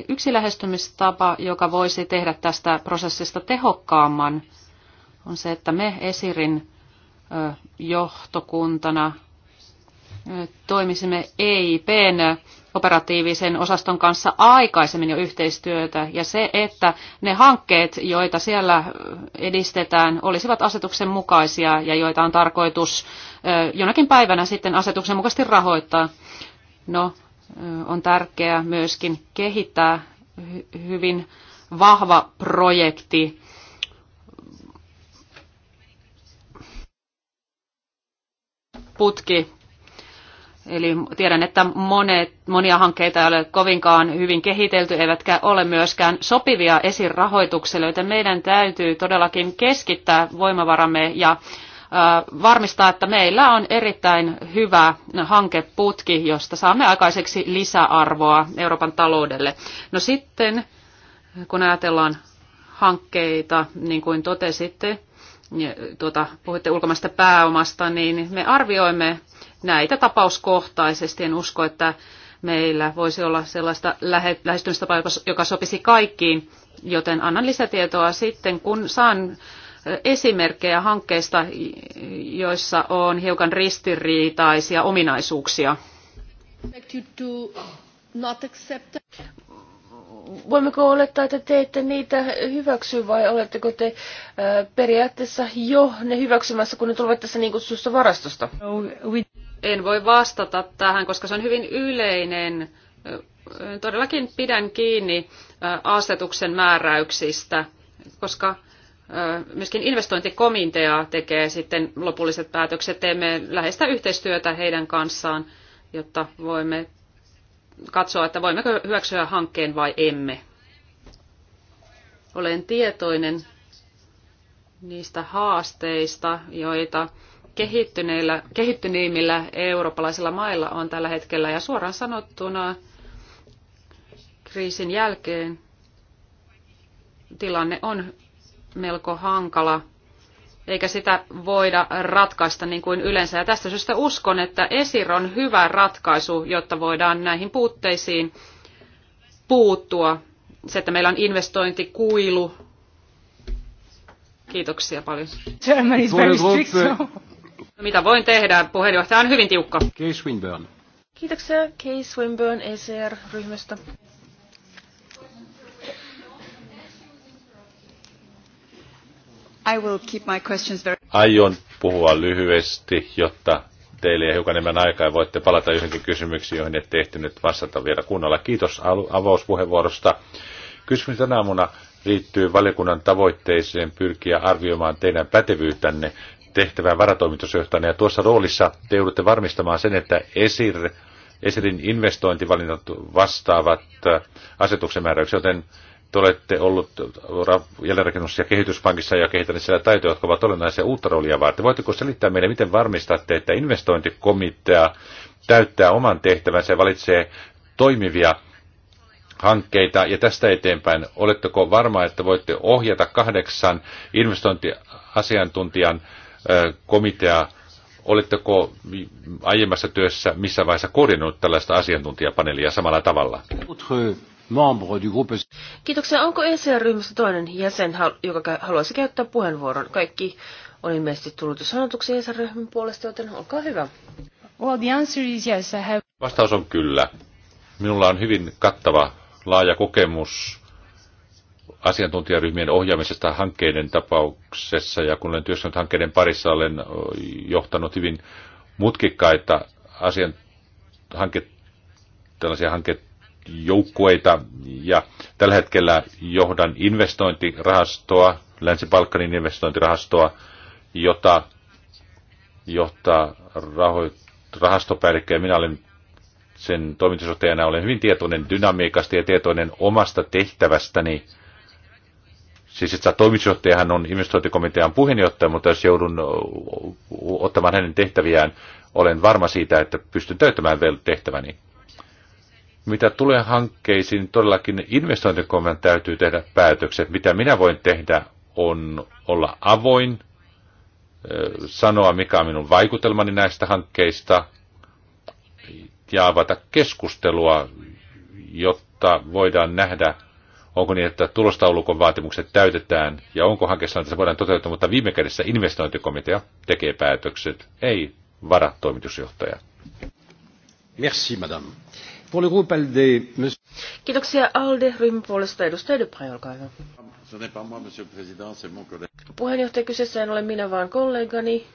Yksi lähestymistapa, joka voisi tehdä tästä prosessista tehokkaamman, on se, että me Esirin johtokuntana toimisimme EIPn operatiivisen osaston kanssa aikaisemmin jo yhteistyötä ja se, että ne hankkeet, joita siellä edistetään, olisivat asetuksen mukaisia ja joita on tarkoitus jonakin päivänä sitten asetuksen mukaisesti rahoittaa. No, on tärkeää myöskin kehittää hyvin vahva projekti putki. Eli tiedän, että monet, monia hankkeita ei ole kovinkaan hyvin kehitelty, eivätkä ole myöskään sopivia esirahoitukselle, joten meidän täytyy todellakin keskittää voimavaramme ja äh, varmistaa, että meillä on erittäin hyvä hankeputki, josta saamme aikaiseksi lisäarvoa Euroopan taloudelle. No sitten, kun ajatellaan hankkeita, niin kuin totesitte, tuota, puhuitte ulkomaista pääomasta, niin me arvioimme näitä tapauskohtaisesti. En usko, että meillä voisi olla sellaista lähestymistapaa, joka sopisi kaikkiin, joten annan lisätietoa sitten, kun saan esimerkkejä hankkeista, joissa on hiukan ristiriitaisia ominaisuuksia voimmeko olettaa, että te ette niitä hyväksy vai oletteko te äh, periaatteessa jo ne hyväksymässä, kun ne tulevat tässä niin kutsusta varastosta? En voi vastata tähän, koska se on hyvin yleinen. Todellakin pidän kiinni asetuksen määräyksistä, koska myöskin investointikomitea tekee sitten lopulliset päätökset. Teemme läheistä yhteistyötä heidän kanssaan, jotta voimme katsoa, että voimmeko hyväksyä hankkeen vai emme. Olen tietoinen niistä haasteista, joita kehittyneillä, kehittyneimmillä eurooppalaisilla mailla on tällä hetkellä. Ja suoraan sanottuna kriisin jälkeen tilanne on melko hankala eikä sitä voida ratkaista niin kuin yleensä. Ja tästä syystä uskon, että ESIR on hyvä ratkaisu, jotta voidaan näihin puutteisiin puuttua. Se, että meillä on investointikuilu. Kiitoksia paljon. Germany is very strict, eh, so. Mitä voin tehdä? Puheenjohtaja on hyvin tiukka. Case Swinburne. Kiitoksia Case Swinburne ECR-ryhmästä. I will keep my questions very... Aion puhua lyhyesti, jotta teille ei hiukan enemmän aikaa ja voitte palata johonkin kysymyksiin, joihin ette ehtinyt vastata vielä kunnolla. Kiitos avauspuheenvuorosta. Kysymys tänä aamuna liittyy valiokunnan tavoitteeseen pyrkiä arvioimaan teidän pätevyytänne tehtävään varatoimitusjohtajana. Ja tuossa roolissa te joudutte varmistamaan sen, että ESIR, ESIRin investointivalinnat vastaavat asetuksen määräyksiä, joten te olette ollut jälleenrakennus- ja kehityspankissa ja kehittäneet siellä taitoja, jotka ovat olennaisia uutta roolia varten. Voitteko selittää meille, miten varmistatte, että investointikomitea täyttää oman tehtävänsä ja valitsee toimivia hankkeita ja tästä eteenpäin, oletteko varma, että voitte ohjata kahdeksan investointiasiantuntijan komitea, oletteko aiemmassa työssä missä vaiheessa koordinoinut tällaista asiantuntijapaneelia samalla tavalla? membre du groupe... Kiitoksia. Onko ECR-ryhmästä toinen jäsen, joka haluaisi käyttää puheenvuoron? Kaikki on ilmeisesti tullut jo sanotuksi ECR-ryhmän puolesta, joten olkaa hyvä. Well, the answer is yes, I have... Vastaus on kyllä. Minulla on hyvin kattava, laaja kokemus asiantuntijaryhmien ohjaamisesta hankkeiden tapauksessa, ja kun olen työskennellyt hankkeiden parissa, olen johtanut hyvin mutkikkaita asian, hanke, tällaisia hankkeita joukkueita ja tällä hetkellä johdan investointirahastoa, Länsi-Balkanin investointirahastoa, jota johtaa raho- rahastopäällikkö ja minä olen sen toimitusjohtajana olen hyvin tietoinen dynamiikasta ja tietoinen omasta tehtävästäni. Siis että toimitusjohtajahan on investointikomitean puheenjohtaja, mutta jos joudun ottamaan hänen tehtäviään, olen varma siitä, että pystyn täyttämään tehtäväni. Mitä tulee hankkeisiin, todellakin investointikomitean täytyy tehdä päätökset. Mitä minä voin tehdä on olla avoin, sanoa mikä on minun vaikutelmani näistä hankkeista ja avata keskustelua, jotta voidaan nähdä, onko niin, että tulostaulukon vaatimukset täytetään ja onko hankkeessa, että se voidaan toteuttaa, mutta viime kädessä investointikomitea tekee päätökset, ei varatoimitusjohtaja. Merci, madame. Kiitoksia ALDE-ryhmän puolesta. Edustaja Dupre, olkaa hyvä. Puheenjohtaja kyseessä en ole minä, vaan kollegani.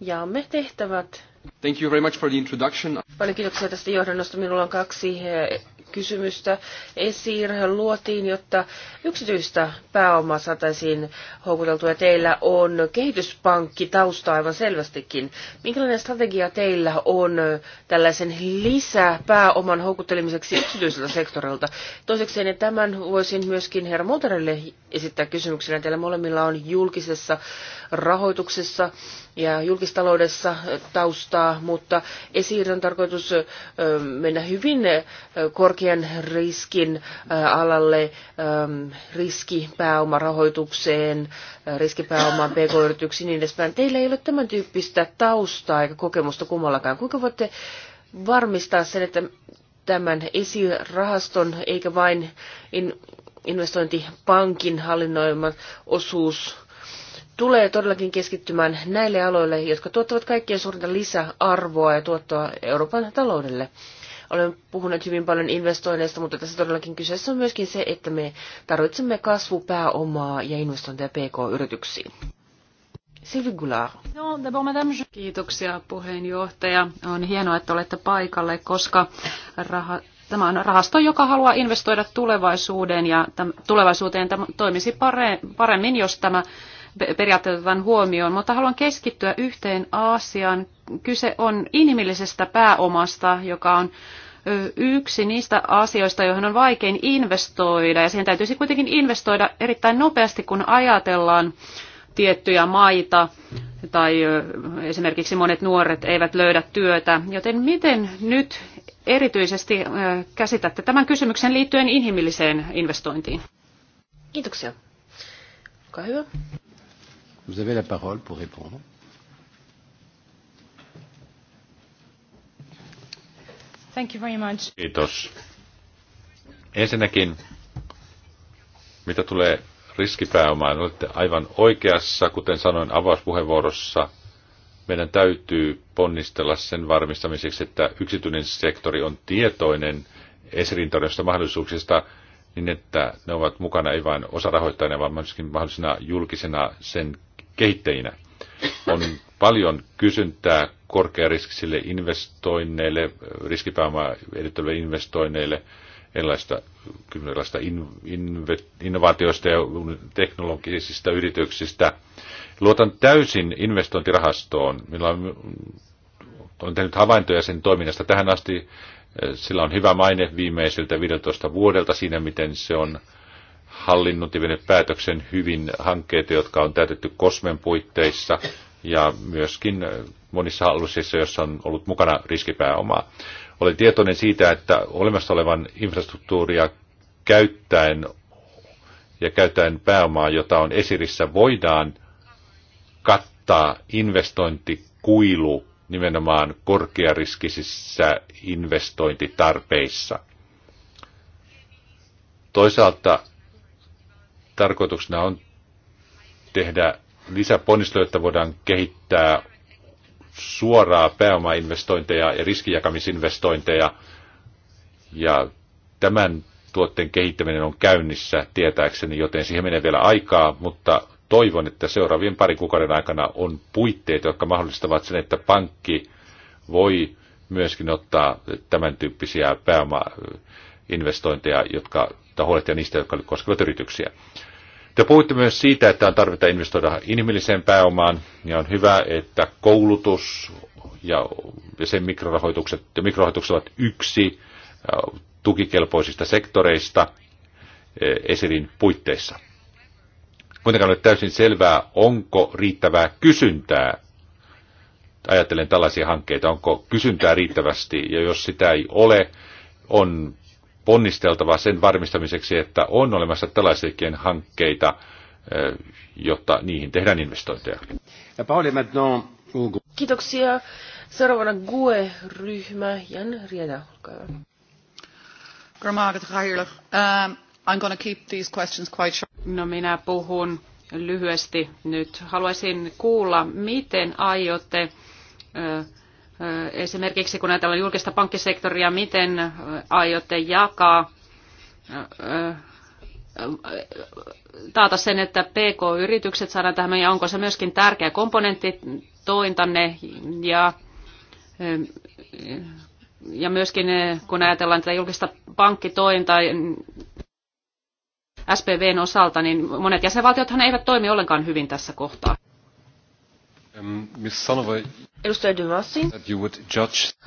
Jaamme tehtävät. Thank you very much for the introduction. Paljon kiitoksia tästä johdannosta. Minulla on kaksi eh, kysymystä. ESIR luotiin, jotta yksityistä pääomaa saataisiin houkuteltua. Teillä on kehityspankki tausta aivan selvästikin. Minkälainen strategia teillä on tällaisen lisäpääoman houkuttelemiseksi yksityiseltä sektorilta? Toiseksi ja tämän voisin myöskin herra Moltarelle esittää kysymyksenä. Teillä molemmilla on julkisessa rahoituksessa ja julkistaloudessa taustaa, mutta esiin on tarkoitus mennä hyvin korkealle korkean riskin alalle, riskipääomarahoitukseen, riskipääomaan, pk-yrityksiin niin edespäin. Teillä ei ole tämän tyyppistä taustaa eikä kokemusta kummallakaan. Kuinka voitte varmistaa sen, että tämän esirahaston eikä vain investointipankin hallinnoima osuus tulee todellakin keskittymään näille aloille, jotka tuottavat kaikkien suurinta lisäarvoa ja tuottoa Euroopan taloudelle. Olemme puhuneet hyvin paljon investoinneista, mutta tässä todellakin kyseessä on myöskin se, että me tarvitsemme kasvupääomaa ja investointeja PK-yrityksiin. Sylvie Goulard. Kiitoksia puheenjohtaja. On hienoa, että olette paikalle, koska raha, tämä on rahasto, joka haluaa investoida tulevaisuuteen ja tulevaisuuteen tämä toimisi paremmin, jos tämä periaatteet otetaan huomioon, mutta haluan keskittyä yhteen asiaan. Kyse on inhimillisestä pääomasta, joka on yksi niistä asioista, joihin on vaikein investoida, ja siihen täytyisi kuitenkin investoida erittäin nopeasti, kun ajatellaan tiettyjä maita, tai esimerkiksi monet nuoret eivät löydä työtä. Joten miten nyt erityisesti käsitätte tämän kysymyksen liittyen inhimilliseen investointiin? Kiitoksia. Olkaa hyvä. Vous avez la parole pour répondre. Thank you very much. Kiitos. Ensinnäkin, mitä tulee riskipääomaan, olette aivan oikeassa, kuten sanoin avauspuheenvuorossa. Meidän täytyy ponnistella sen varmistamiseksi, että yksityinen sektori on tietoinen esirin mahdollisuuksista niin, että ne ovat mukana ei vain osarahoittajana, vaan myöskin mahdollisena julkisena sen kehittäjinä. On paljon kysyntää korkeariskisille investoinneille, riskipääomaa edellyttäville investoinneille, erilaista, erilaista in, in, innovaatioista ja teknologisista yrityksistä. Luotan täysin investointirahastoon. millä on, on tehnyt havaintoja sen toiminnasta tähän asti. Sillä on hyvä maine viimeisiltä 15 vuodelta siinä, miten se on hallinnut ja päätöksen hyvin hankkeita, jotka on täytetty kosmen puitteissa ja myöskin monissa alueissa, joissa on ollut mukana riskipääomaa. Olen tietoinen siitä, että olemassa olevan infrastruktuuria käyttäen ja käyttäen pääomaa, jota on esirissä, voidaan kattaa investointikuilu nimenomaan korkeariskisissä investointitarpeissa. Toisaalta tarkoituksena on tehdä lisäponnisteluja, jotta voidaan kehittää suoraa pääomainvestointeja ja riskijakamisinvestointeja. Ja tämän tuotteen kehittäminen on käynnissä tietääkseni, joten siihen menee vielä aikaa, mutta toivon, että seuraavien parin kuukauden aikana on puitteet, jotka mahdollistavat sen, että pankki voi myöskin ottaa tämän tyyppisiä pääomainvestointeja, jotka tai huolehtia niistä, jotka koskevat yrityksiä. Te puhuitte myös siitä, että on tarvita investoida inhimilliseen pääomaan, ja on hyvä, että koulutus ja, ja sen mikrorahoitukset, ja mikrorahoitukset ovat yksi äh, tukikelpoisista sektoreista äh, esirin puitteissa. Kuitenkaan ole täysin selvää, onko riittävää kysyntää, ajattelen tällaisia hankkeita, onko kysyntää riittävästi, ja jos sitä ei ole, on ponnisteltava sen varmistamiseksi, että on olemassa tällaisiakin hankkeita, jotta niihin tehdään investointeja. Kiitoksia. Seuraavana GUE-ryhmä. Jan Rieda, olkaa hyvä. Ähm, I'm going to keep these questions quite short. No minä puhun lyhyesti nyt. Haluaisin kuulla, miten aiotte Esimerkiksi kun ajatellaan julkista pankkisektoria, miten aiotte jakaa, taata sen, että PK-yritykset saadaan tähän, ja onko se myöskin tärkeä komponentti tointanne, ja, ja myöskin kun ajatellaan tätä julkista pankkitointa, SPVn osalta, niin monet jäsenvaltiothan eivät toimi ollenkaan hyvin tässä kohtaa. Miss Edustaja Dymassi.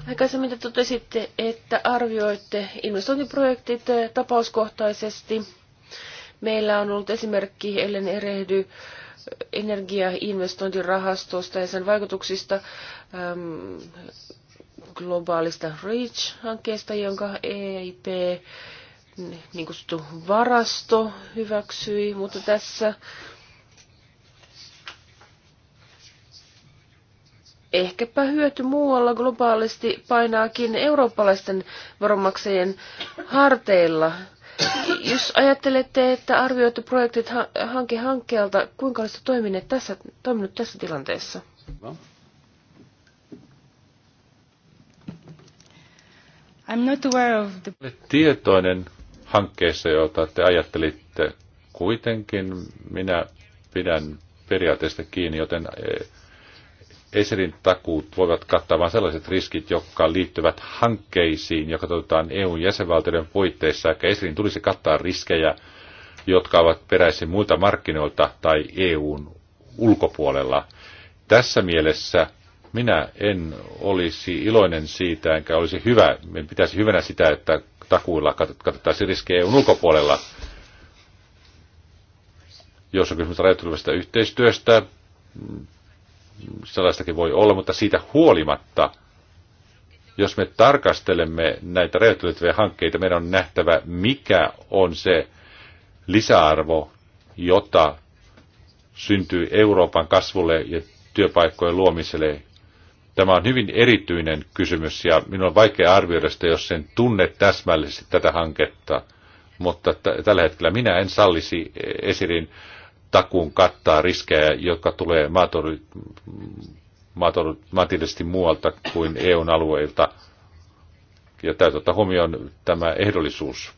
Aikaisemmin te totesitte, että arvioitte investointiprojektit eh, tapauskohtaisesti. Meillä on ollut esimerkki, ellen erehdy, eh, energiainvestointirahastosta ja sen vaikutuksista äm, globaalista REACH-hankkeesta, jonka EIP niin kutsuttu varasto hyväksyi, mutta tässä ehkäpä hyöty muualla globaalisti painaakin eurooppalaisten veronmaksajien harteilla. Jos ajattelette, että arvioitu projektit hanke hankkeelta, kuinka olisitte toiminut tässä, toiminut tässä tilanteessa? I'm not aware of the... Tietoinen hankkeessa, jota te ajattelitte, kuitenkin minä pidän periaatteesta kiinni, joten eh, Eserin takuut voivat kattaa vain sellaiset riskit, jotka liittyvät hankkeisiin, jotka toteutetaan EUn jäsenvaltioiden puitteissa, eikä Eserin tulisi kattaa riskejä, jotka ovat peräisin muilta markkinoilta tai EUn ulkopuolella. Tässä mielessä minä en olisi iloinen siitä, enkä olisi hyvä, en pitäisi hyvänä sitä, että takuilla katsottaisiin riskejä EUn ulkopuolella. Jos on kysymys rajoittelevasta yhteistyöstä, sellaistakin voi olla, mutta siitä huolimatta, jos me tarkastelemme näitä rajoittelevia hankkeita, meidän on nähtävä, mikä on se lisäarvo, jota syntyy Euroopan kasvulle ja työpaikkojen luomiselle. Tämä on hyvin erityinen kysymys ja minun on vaikea arvioida sitä, jos sen tunne täsmällisesti tätä hanketta. Mutta tällä hetkellä minä en sallisi eh, esirin takuun kattaa riskejä, jotka tulee maataloudellisesti muualta kuin EUn alueilta. Ja täytyy ottaa huomioon tämä ehdollisuus.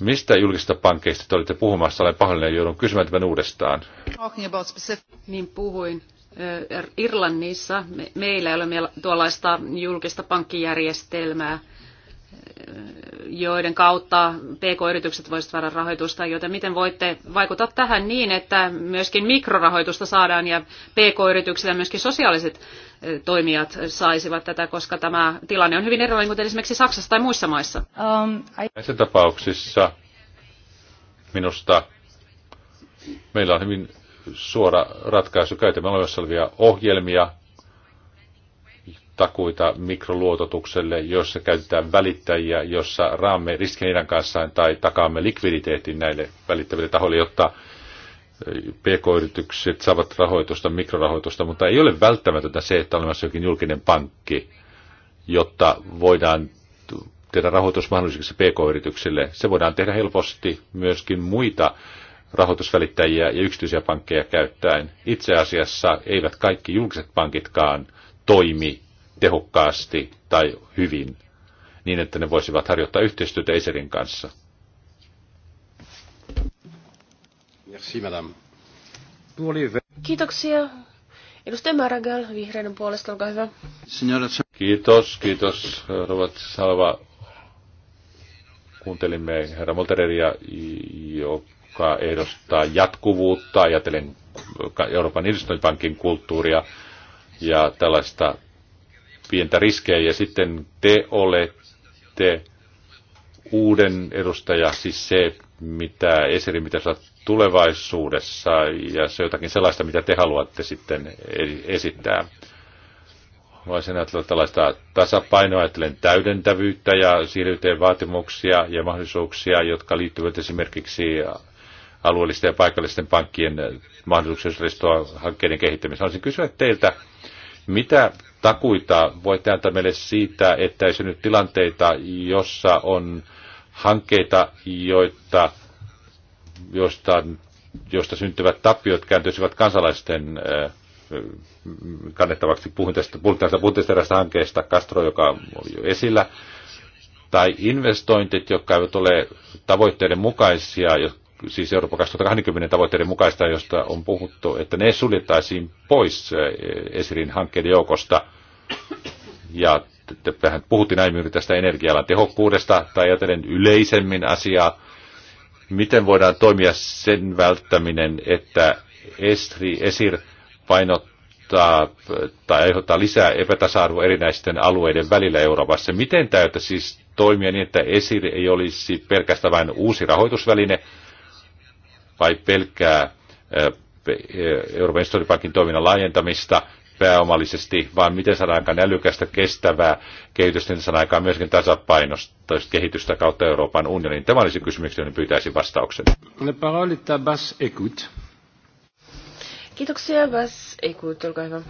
Mistä julkisista pankkeista te olitte puhumassa? Olen pahoillinen, joudun kysymään tämän uudestaan. Niin puhuin. Irlannissa meillä ei ole tuollaista julkista pankkijärjestelmää joiden kautta PK-yritykset voisivat saada rahoitusta, joten miten voitte vaikuttaa tähän niin, että myöskin mikrorahoitusta saadaan ja PK-yritykset ja myöskin sosiaaliset toimijat saisivat tätä, koska tämä tilanne on hyvin erilainen kuin esimerkiksi Saksassa tai muissa maissa. Um, I... Näissä tapauksissa minusta meillä on hyvin suora ratkaisu. Käytämme olemassa olevia ohjelmia, takuita mikroluototukselle, jossa käytetään välittäjiä, jossa raamme riskin heidän kanssaan tai takaamme likviditeetin näille välittäville tahoille, jotta PK-yritykset saavat rahoitusta, mikrorahoitusta, mutta ei ole välttämätöntä se, että on olemassa jokin julkinen pankki, jotta voidaan tehdä mahdollisiksi PK-yrityksille. Se voidaan tehdä helposti myöskin muita rahoitusvälittäjiä ja yksityisiä pankkeja käyttäen. Itse asiassa eivät kaikki julkiset pankitkaan toimi tehokkaasti tai hyvin, niin että ne voisivat harjoittaa yhteistyötä Eserin kanssa. Merci, madame. Kiitoksia. Edustaja Maragall, vihreiden puolesta, olkaa hyvä. Kiitos, kiitos, Robert Salva. Kuuntelimme herra Moltereria, joka ehdostaa jatkuvuutta, ajatellen Euroopan investointipankin kulttuuria ja tällaista pientä riskejä ja sitten te olette uuden edustaja, siis se, mitä Eseri mitä saat tulevaisuudessa ja se jotakin sellaista, mitä te haluatte sitten esittää. Voisin ajatella tällaista tasapainoa, ajattelen täydentävyyttä ja siirryteen vaatimuksia ja mahdollisuuksia, jotka liittyvät esimerkiksi alueellisten ja paikallisten pankkien mahdollisuuksia hankkeiden kehittämiseen. Haluaisin kysyä teiltä, mitä takuita voitte antaa meille siitä, että ei synny tilanteita, jossa on hankkeita, joita, josta, josta syntyvät tappiot kääntyisivät kansalaisten äh, kannettavaksi. Puhun tästä, puhun tästä, puhun tästä hankkeesta Castro, joka oli jo esillä. Tai investointit, jotka eivät ole tavoitteiden mukaisia, siis Eurooppa 2020 tavoitteiden mukaista, josta on puhuttu, että ne suljettaisiin pois eh, Esirin hankkeiden joukosta. Ja vähän puhuttiin aiemmin tästä energialan tehokkuudesta tai ajatellen yleisemmin asiaa. Miten voidaan toimia sen välttäminen, että Estri, Esir painottaa tai aiheuttaa lisää epätasa-arvoa erinäisten alueiden välillä Euroopassa? Miten täytä siis toimia niin, että Esir ei olisi pelkästään vain uusi rahoitusväline, vai pelkkää Euroopan historiapankin toiminnan laajentamista pääomallisesti, vaan miten saadaan aikaan älykästä, kestävää kehitystä, niin saadaan aikaan myöskin tasapainosta kehitystä kautta Euroopan unionin. Tämä olisi kysymys, johon pyytäisin vastauksen. Le parole est à Bas Ekut. Kiitoksia Bas Ekut, olkaa hyvä.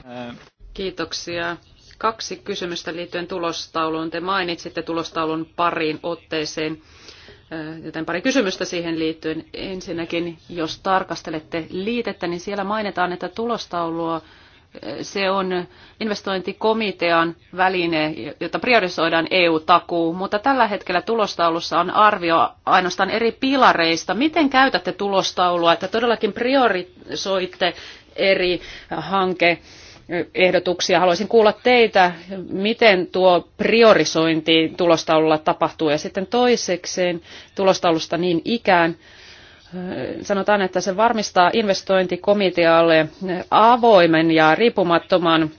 Kiitoksia. Kaksi kysymystä liittyen tulostauluun. Te mainitsitte tulostaulun pariin otteeseen joten pari kysymystä siihen liittyen. Ensinnäkin, jos tarkastelette liitettä, niin siellä mainitaan, että tulostaulua se on investointikomitean väline, jota priorisoidaan EU-takuu, mutta tällä hetkellä tulostaulussa on arvio ainoastaan eri pilareista. Miten käytätte tulostaulua, että todellakin priorisoitte eri hanke ehdotuksia. Haluaisin kuulla teitä, miten tuo priorisointi tulostaululla tapahtuu. Ja sitten toisekseen tulostaulusta niin ikään – sanotaan, että se varmistaa investointikomitealle avoimen ja riippumattoman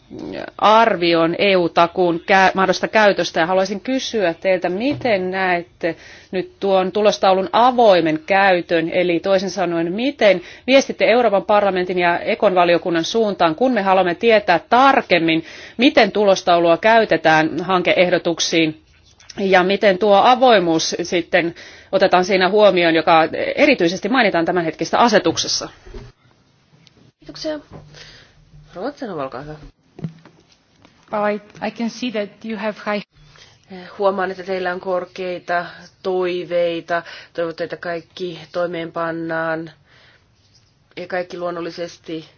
arvion EU-takuun mahdollista käytöstä. Ja haluaisin kysyä teiltä, miten näette nyt tuon tulostaulun avoimen käytön, eli toisin sanoen, miten viestitte Euroopan parlamentin ja ekonvaliokunnan valiokunnan suuntaan, kun me haluamme tietää tarkemmin, miten tulostaulua käytetään hankeehdotuksiin ja miten tuo avoimuus sitten otetaan siinä huomioon, joka erityisesti mainitaan tämänhetkistä asetuksessa. Kiitoksia. Ruotsana, olkaa hyvä. I, I can see that you have high... Huomaan, että teillä on korkeita toiveita. Toivotte, että kaikki toimeenpannaan ja kaikki luonnollisesti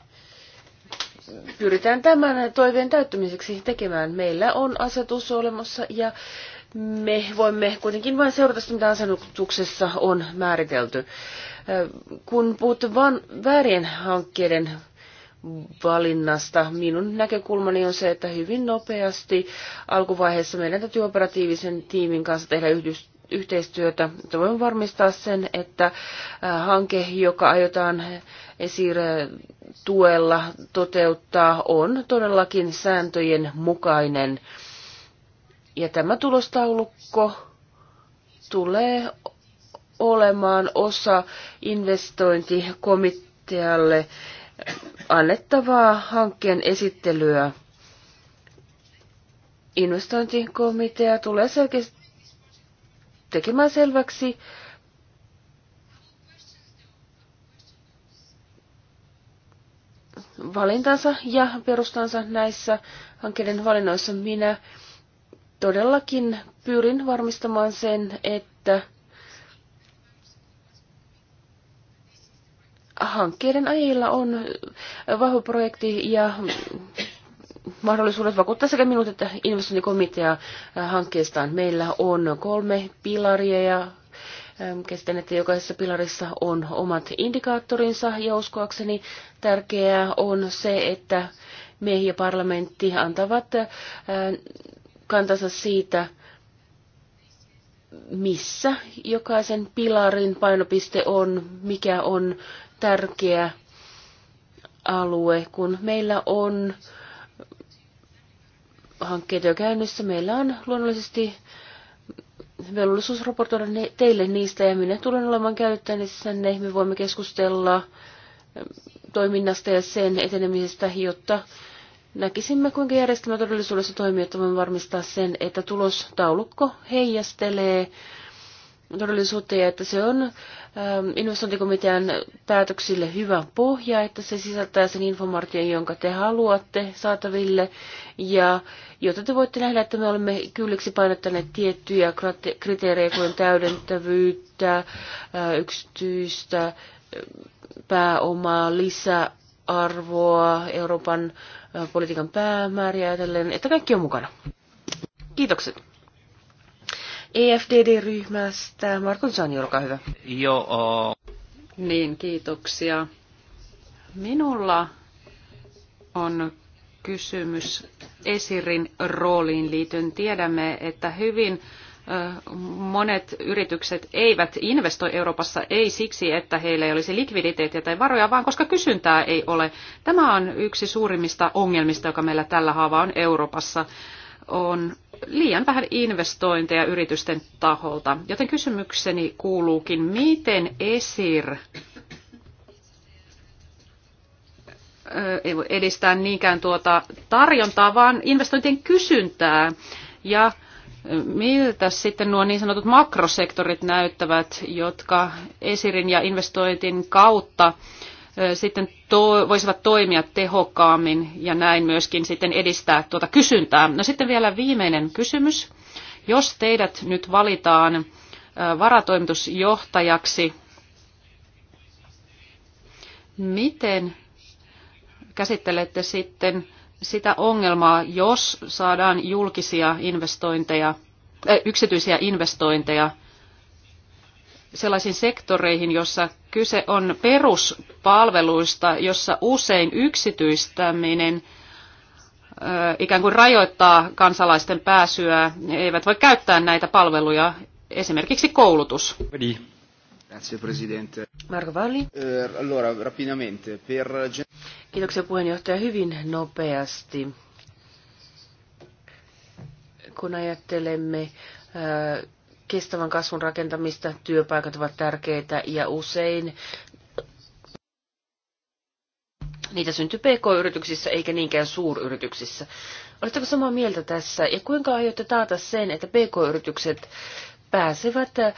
pyritään tämän toiveen täyttymiseksi tekemään. Meillä on asetus olemassa ja me voimme kuitenkin vain seurata sitä, mitä asennuksessa on määritelty. Kun puhutte vain väärien hankkeiden valinnasta, minun näkökulmani on se, että hyvin nopeasti alkuvaiheessa meidän täytyy operatiivisen tiimin kanssa tehdä yhdys, yhteistyötä, että voimme varmistaa sen, että hanke, joka aiotaan esir tuella toteuttaa, on todellakin sääntöjen mukainen ja tämä tulostaulukko tulee olemaan osa investointikomitealle annettavaa hankkeen esittelyä. Investointikomitea tulee selkeästi tekemään selväksi, valintansa ja perustansa näissä hankkeiden valinnoissa. Minä todellakin pyrin varmistamaan sen, että hankkeiden ajilla on vahva projekti ja mahdollisuudet vakuuttaa sekä minut että investointikomitea hankkeestaan. Meillä on kolme pilaria ja ähm, kestän, että jokaisessa pilarissa on omat indikaattorinsa ja uskoakseni tärkeää on se, että me ja parlamentti antavat äh, kantansa siitä, missä jokaisen pilarin painopiste on, mikä on tärkeä alue, kun meillä on hankkeita jo käynnissä. Meillä on luonnollisesti velvollisuus raportoida teille niistä ja minä tulen olemaan käyttäjänne. Me voimme keskustella toiminnasta ja sen etenemisestä, jotta näkisimme, kuinka järjestelmä todellisuudessa toimii, että voimme varmistaa sen, että tulostaulukko heijastelee todellisuutta ja että se on ähm, investointikomitean päätöksille hyvä pohja, että se sisältää sen informaation, jonka te haluatte saataville ja jotta te voitte nähdä, että me olemme kylliksi painottaneet tiettyjä kriteerejä kuin täydentävyyttä, äh, yksityistä äh, pääomaa, lisää arvoa, Euroopan politiikan päämääriä ajatellen, että kaikki on mukana. Kiitokset. EFDD-ryhmästä Markon Sani, olkaa hyvä. Joo. Niin, kiitoksia. Minulla on kysymys Esirin rooliin liittyen. Tiedämme, että hyvin monet yritykset eivät investoi Euroopassa ei siksi, että heillä ei olisi likviditeettiä tai varoja, vaan koska kysyntää ei ole. Tämä on yksi suurimmista ongelmista, joka meillä tällä haavaa on Euroopassa. On liian vähän investointeja yritysten taholta. Joten kysymykseni kuuluukin, miten ESIR edistää niinkään tuota tarjontaa, vaan investointien kysyntää ja Miltä sitten nuo niin sanotut makrosektorit näyttävät, jotka esirin ja investointin kautta sitten to, voisivat toimia tehokkaammin ja näin myöskin sitten edistää tuota kysyntää. No sitten vielä viimeinen kysymys. Jos teidät nyt valitaan varatoimitusjohtajaksi, miten käsittelette sitten sitä ongelmaa, jos saadaan julkisia investointeja, äh, yksityisiä investointeja sellaisiin sektoreihin, jossa kyse on peruspalveluista, jossa usein yksityistäminen äh, ikään kuin rajoittaa kansalaisten pääsyä, eivät voi käyttää näitä palveluja, esimerkiksi koulutus. Grazie Presidente. Marko Valli. Eh, allora, rapidamente, per... Kiitoksia puheenjohtaja hyvin nopeasti. Kun ajattelemme eh, kestävän kasvun rakentamista, työpaikat ovat tärkeitä ja usein niitä syntyy PK-yrityksissä eikä niinkään suuryrityksissä. Oletteko samaa mieltä tässä ja kuinka aiotte taata sen, että PK-yritykset pääsevät eh,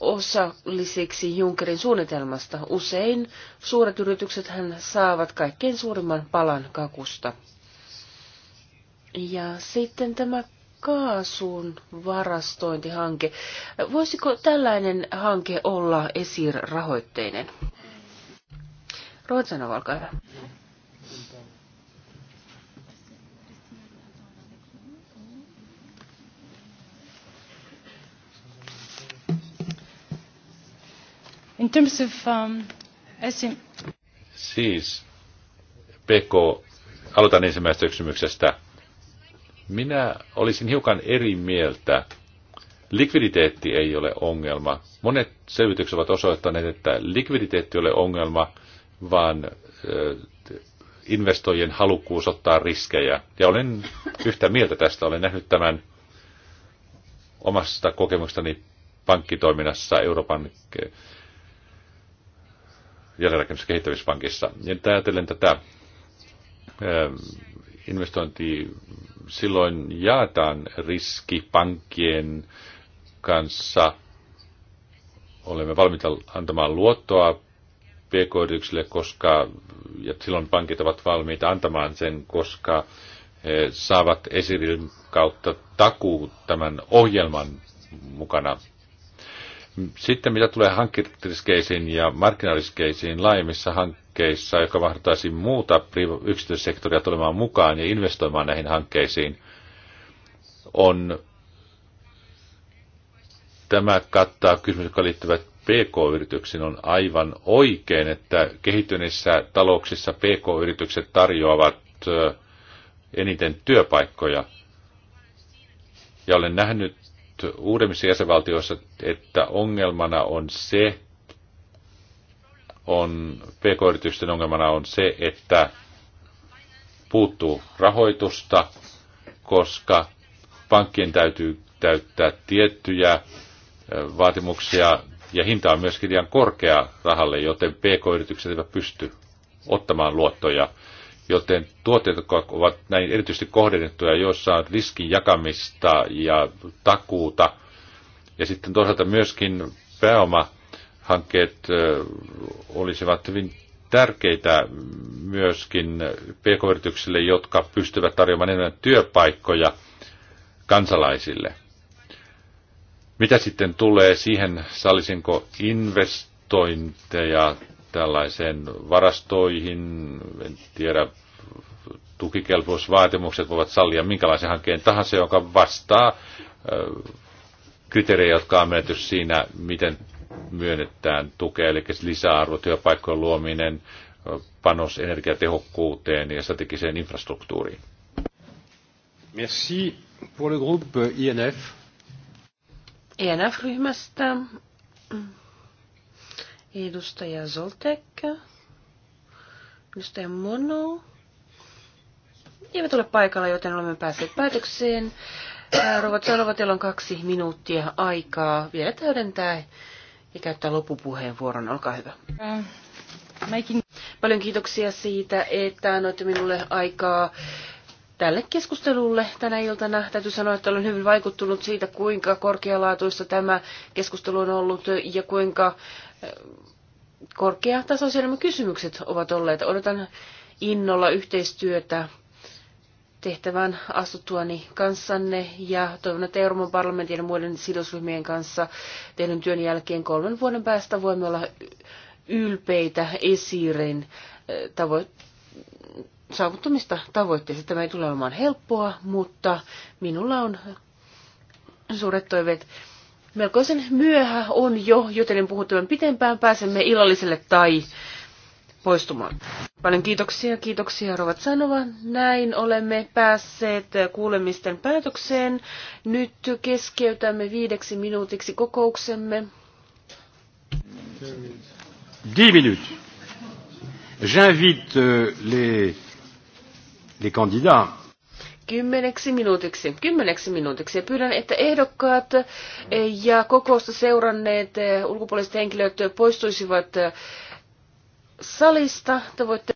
osalliseksi Junckerin suunnitelmasta. Usein suuret yritykset hän saavat kaikkein suurimman palan kakusta. Ja sitten tämä kaasun varastointihanke. Voisiko tällainen hanke olla esirahoitteinen? Ruotsana, olkaa hyvä. In terms of, um, SM... Siis, PK, aloitan ensimmäisestä kysymyksestä. Minä olisin hiukan eri mieltä. Likviditeetti ei ole ongelma. Monet selvitykset ovat osoittaneet, että likviditeetti ei ole ongelma, vaan investoijien halukkuus ottaa riskejä. Ja olen yhtä mieltä tästä. Olen nähnyt tämän omasta kokemuksestani pankkitoiminnassa Euroopan jälleenrakennus- kehittämispankissa. Ja ajatellen tätä ähm, investointi silloin jaetaan riski pankkien kanssa. Olemme valmiita antamaan luottoa pk-yrityksille, koska, ja silloin pankit ovat valmiita antamaan sen, koska he saavat esirin kautta takuu tämän ohjelman mukana sitten mitä tulee hankkeriskeisiin ja markkinariskeisiin laajemmissa hankkeissa, joka mahdottaisi muuta yksityissektoria tulemaan mukaan ja investoimaan näihin hankkeisiin, on tämä kattaa kysymys, jotka liittyvät PK-yrityksiin, on aivan oikein, että kehittyneissä talouksissa PK-yritykset tarjoavat eniten työpaikkoja. Ja olen nähnyt uudemmissa jäsenvaltioissa, että ongelmana on se, on, pk-yritysten ongelmana on se, että puuttuu rahoitusta, koska pankkien täytyy täyttää tiettyjä vaatimuksia ja hinta on myöskin liian korkea rahalle, joten pk-yritykset eivät pysty ottamaan luottoja joten tuotteet, jotka ovat näin erityisesti kohdennettuja, joissa on riskin jakamista ja takuuta, ja sitten toisaalta myöskin pääomahankkeet olisivat hyvin tärkeitä myöskin pk-yrityksille, jotka pystyvät tarjoamaan enemmän työpaikkoja kansalaisille. Mitä sitten tulee siihen, sallisinko investointeja tällaiseen varastoihin, en tiedä, tukikelpoisvaatimukset voivat sallia minkälaisen hankkeen tahansa, joka vastaa kriteerejä, jotka on menetty siinä, miten myönnetään tukea, eli lisäarvo, työpaikkojen luominen, panos energiatehokkuuteen ja strategiseen infrastruktuuriin. Merci pour le groupe INF. INF-ryhmästä Edustaja Zoltek, edustaja Mono. Eivät ole paikalla, joten olemme päässeet päätökseen. Rovat Salova, teillä on kaksi minuuttia aikaa vielä täydentää ja käyttää loppupuheenvuoron. Olkaa hyvä. Uh, Paljon kiitoksia siitä, että annoitte minulle aikaa tälle keskustelulle tänä iltana. Täytyy sanoa, että olen hyvin vaikuttunut siitä, kuinka korkealaatuista tämä keskustelu on ollut ja kuinka korkeatasoisia nämä kysymykset ovat olleet. Odotan innolla yhteistyötä tehtävän astuttuani kanssanne ja toivon, että Euroopan parlamentin ja muiden sidosryhmien kanssa tehdyn työn jälkeen kolmen vuoden päästä voimme olla ylpeitä esiirin eh, tavo- saavuttamista tavoitteista. Tämä ei tule olemaan helppoa, mutta minulla on suuret toiveet melkoisen myöhä on jo, joten en puhu tämän pitempään. Pääsemme illalliselle tai poistumaan. Paljon kiitoksia, kiitoksia Rovat Sanova. Näin olemme päässeet kuulemisten päätökseen. Nyt keskeytämme viideksi minuutiksi kokouksemme. Dix minutes. J'invite euh, les, les candidats kymmeneksi minuutiksi. Kymmeneksi minuutiksi. Ja pyydän, että ehdokkaat eh, ja kokousta seuranneet eh, ulkopuoliset henkilöt poistuisivat eh, salista. Te voitte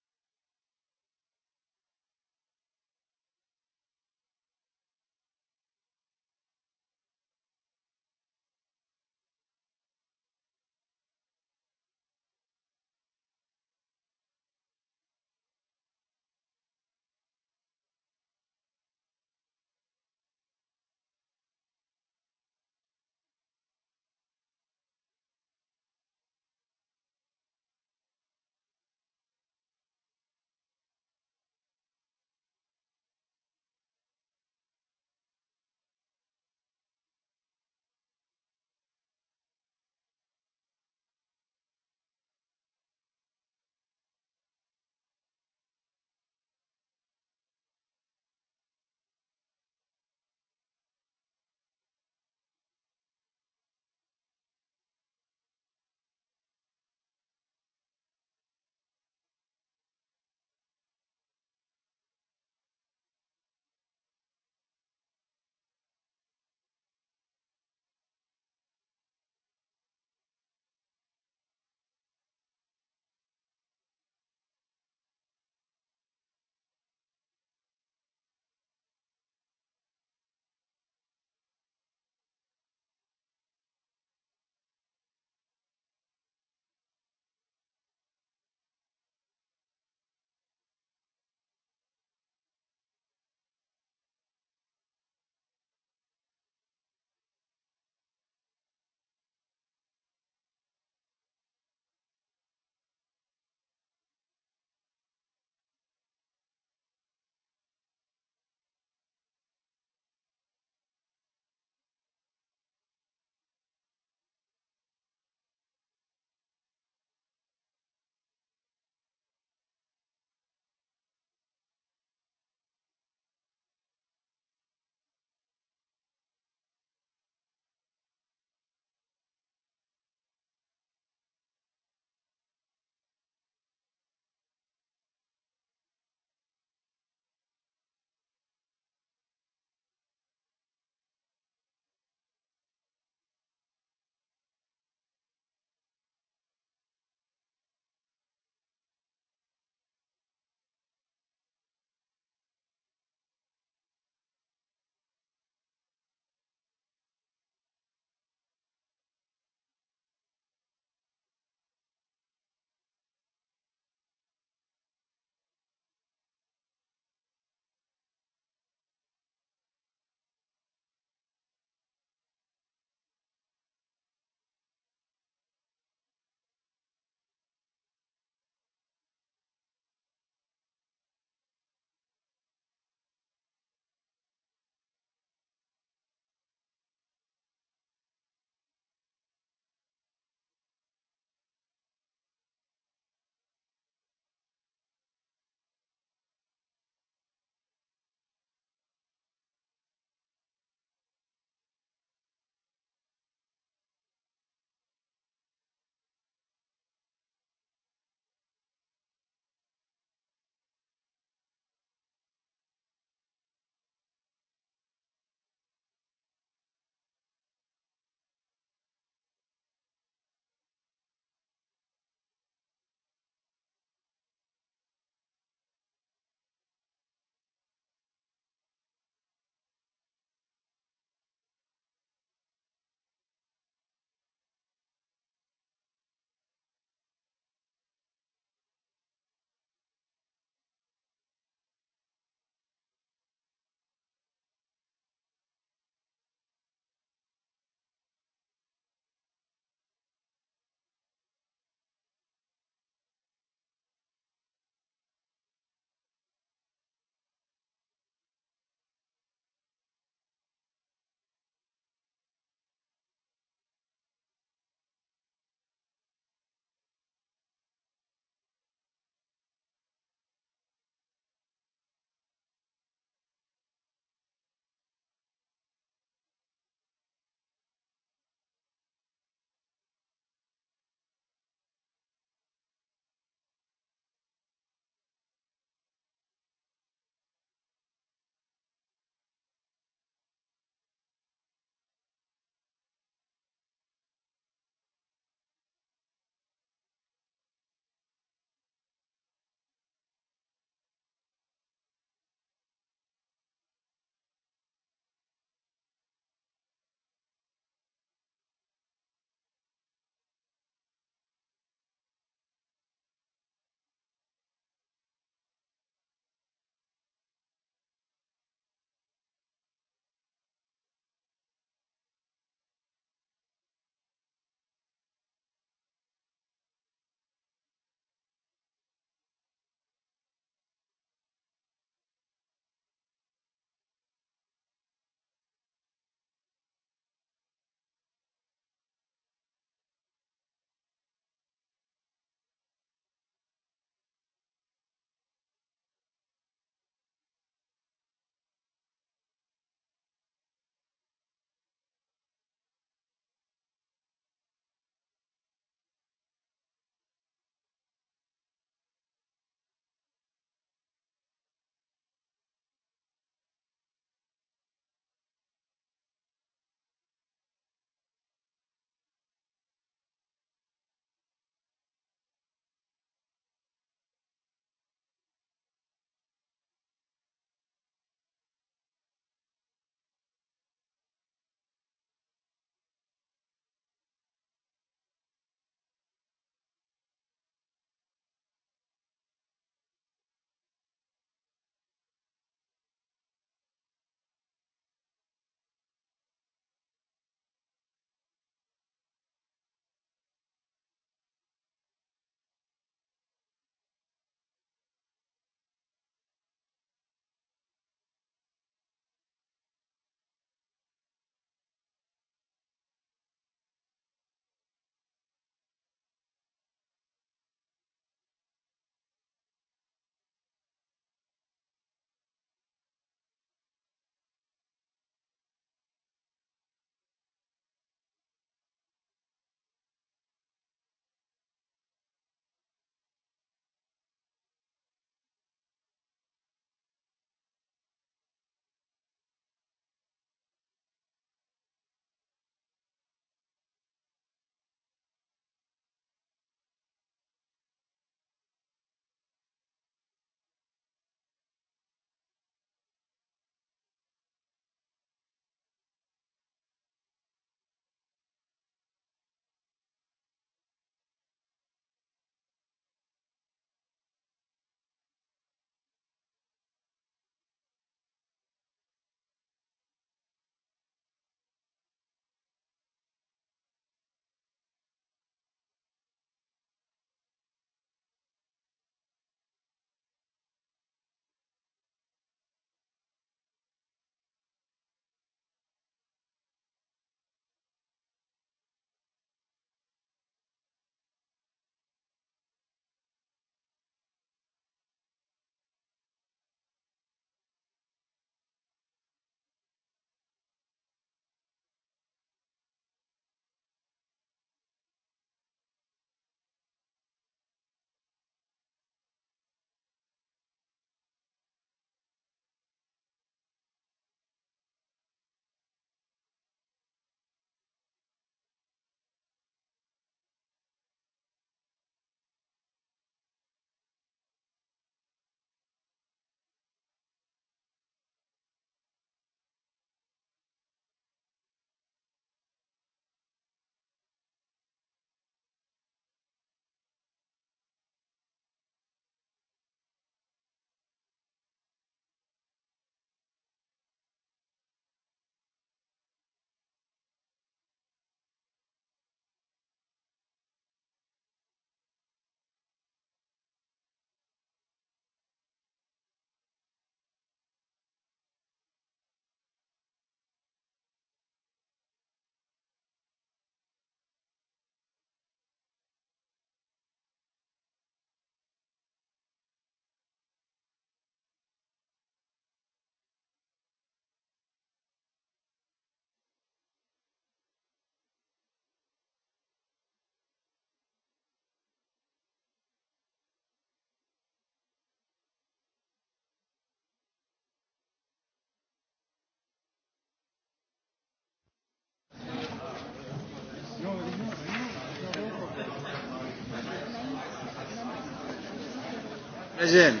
President.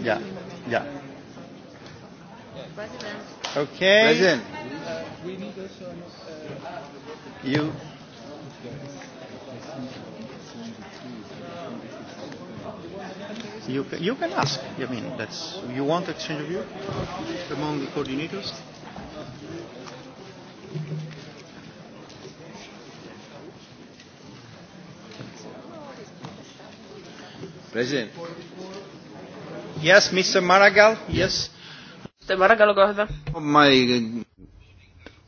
Yeah, yeah. President. Okay. President. we need also. you. You, you can ask. I mean, that's you want exchange of view among the coordinators. President. Yes, Mr. Maragall, yes. Mr. Maragall, olkaa hyvä. Oh my...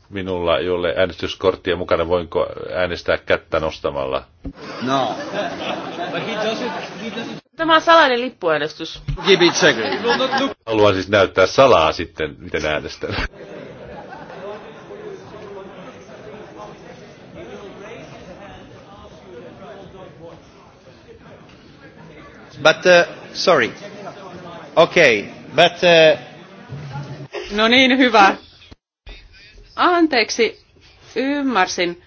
Minulla ei ole äänestyskorttia mukana, voinko äänestää kättä nostamalla? No. Tämä on salainen lippuäänestys. Haluan siis näyttää salaa sitten, miten äänestän. But, uh, sorry. Okay, but... Uh... No niin, hyvä. Anteeksi, ymmärsin.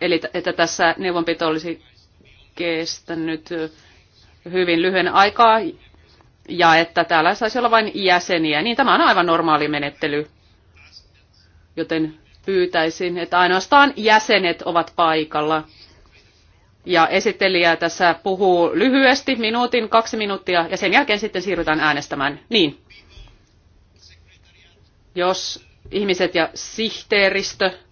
Eli että tässä neuvonpito olisi kestänyt äh, hyvin lyhyen aikaa ja että täällä saisi olla vain jäseniä, niin tämä on aivan normaali menettely. Joten pyytäisin, että ainoastaan jäsenet ovat paikalla ja esittelijä tässä puhuu lyhyesti, minuutin, kaksi minuuttia, ja sen jälkeen sitten siirrytään äänestämään. Niin. Jos ihmiset ja sihteeristö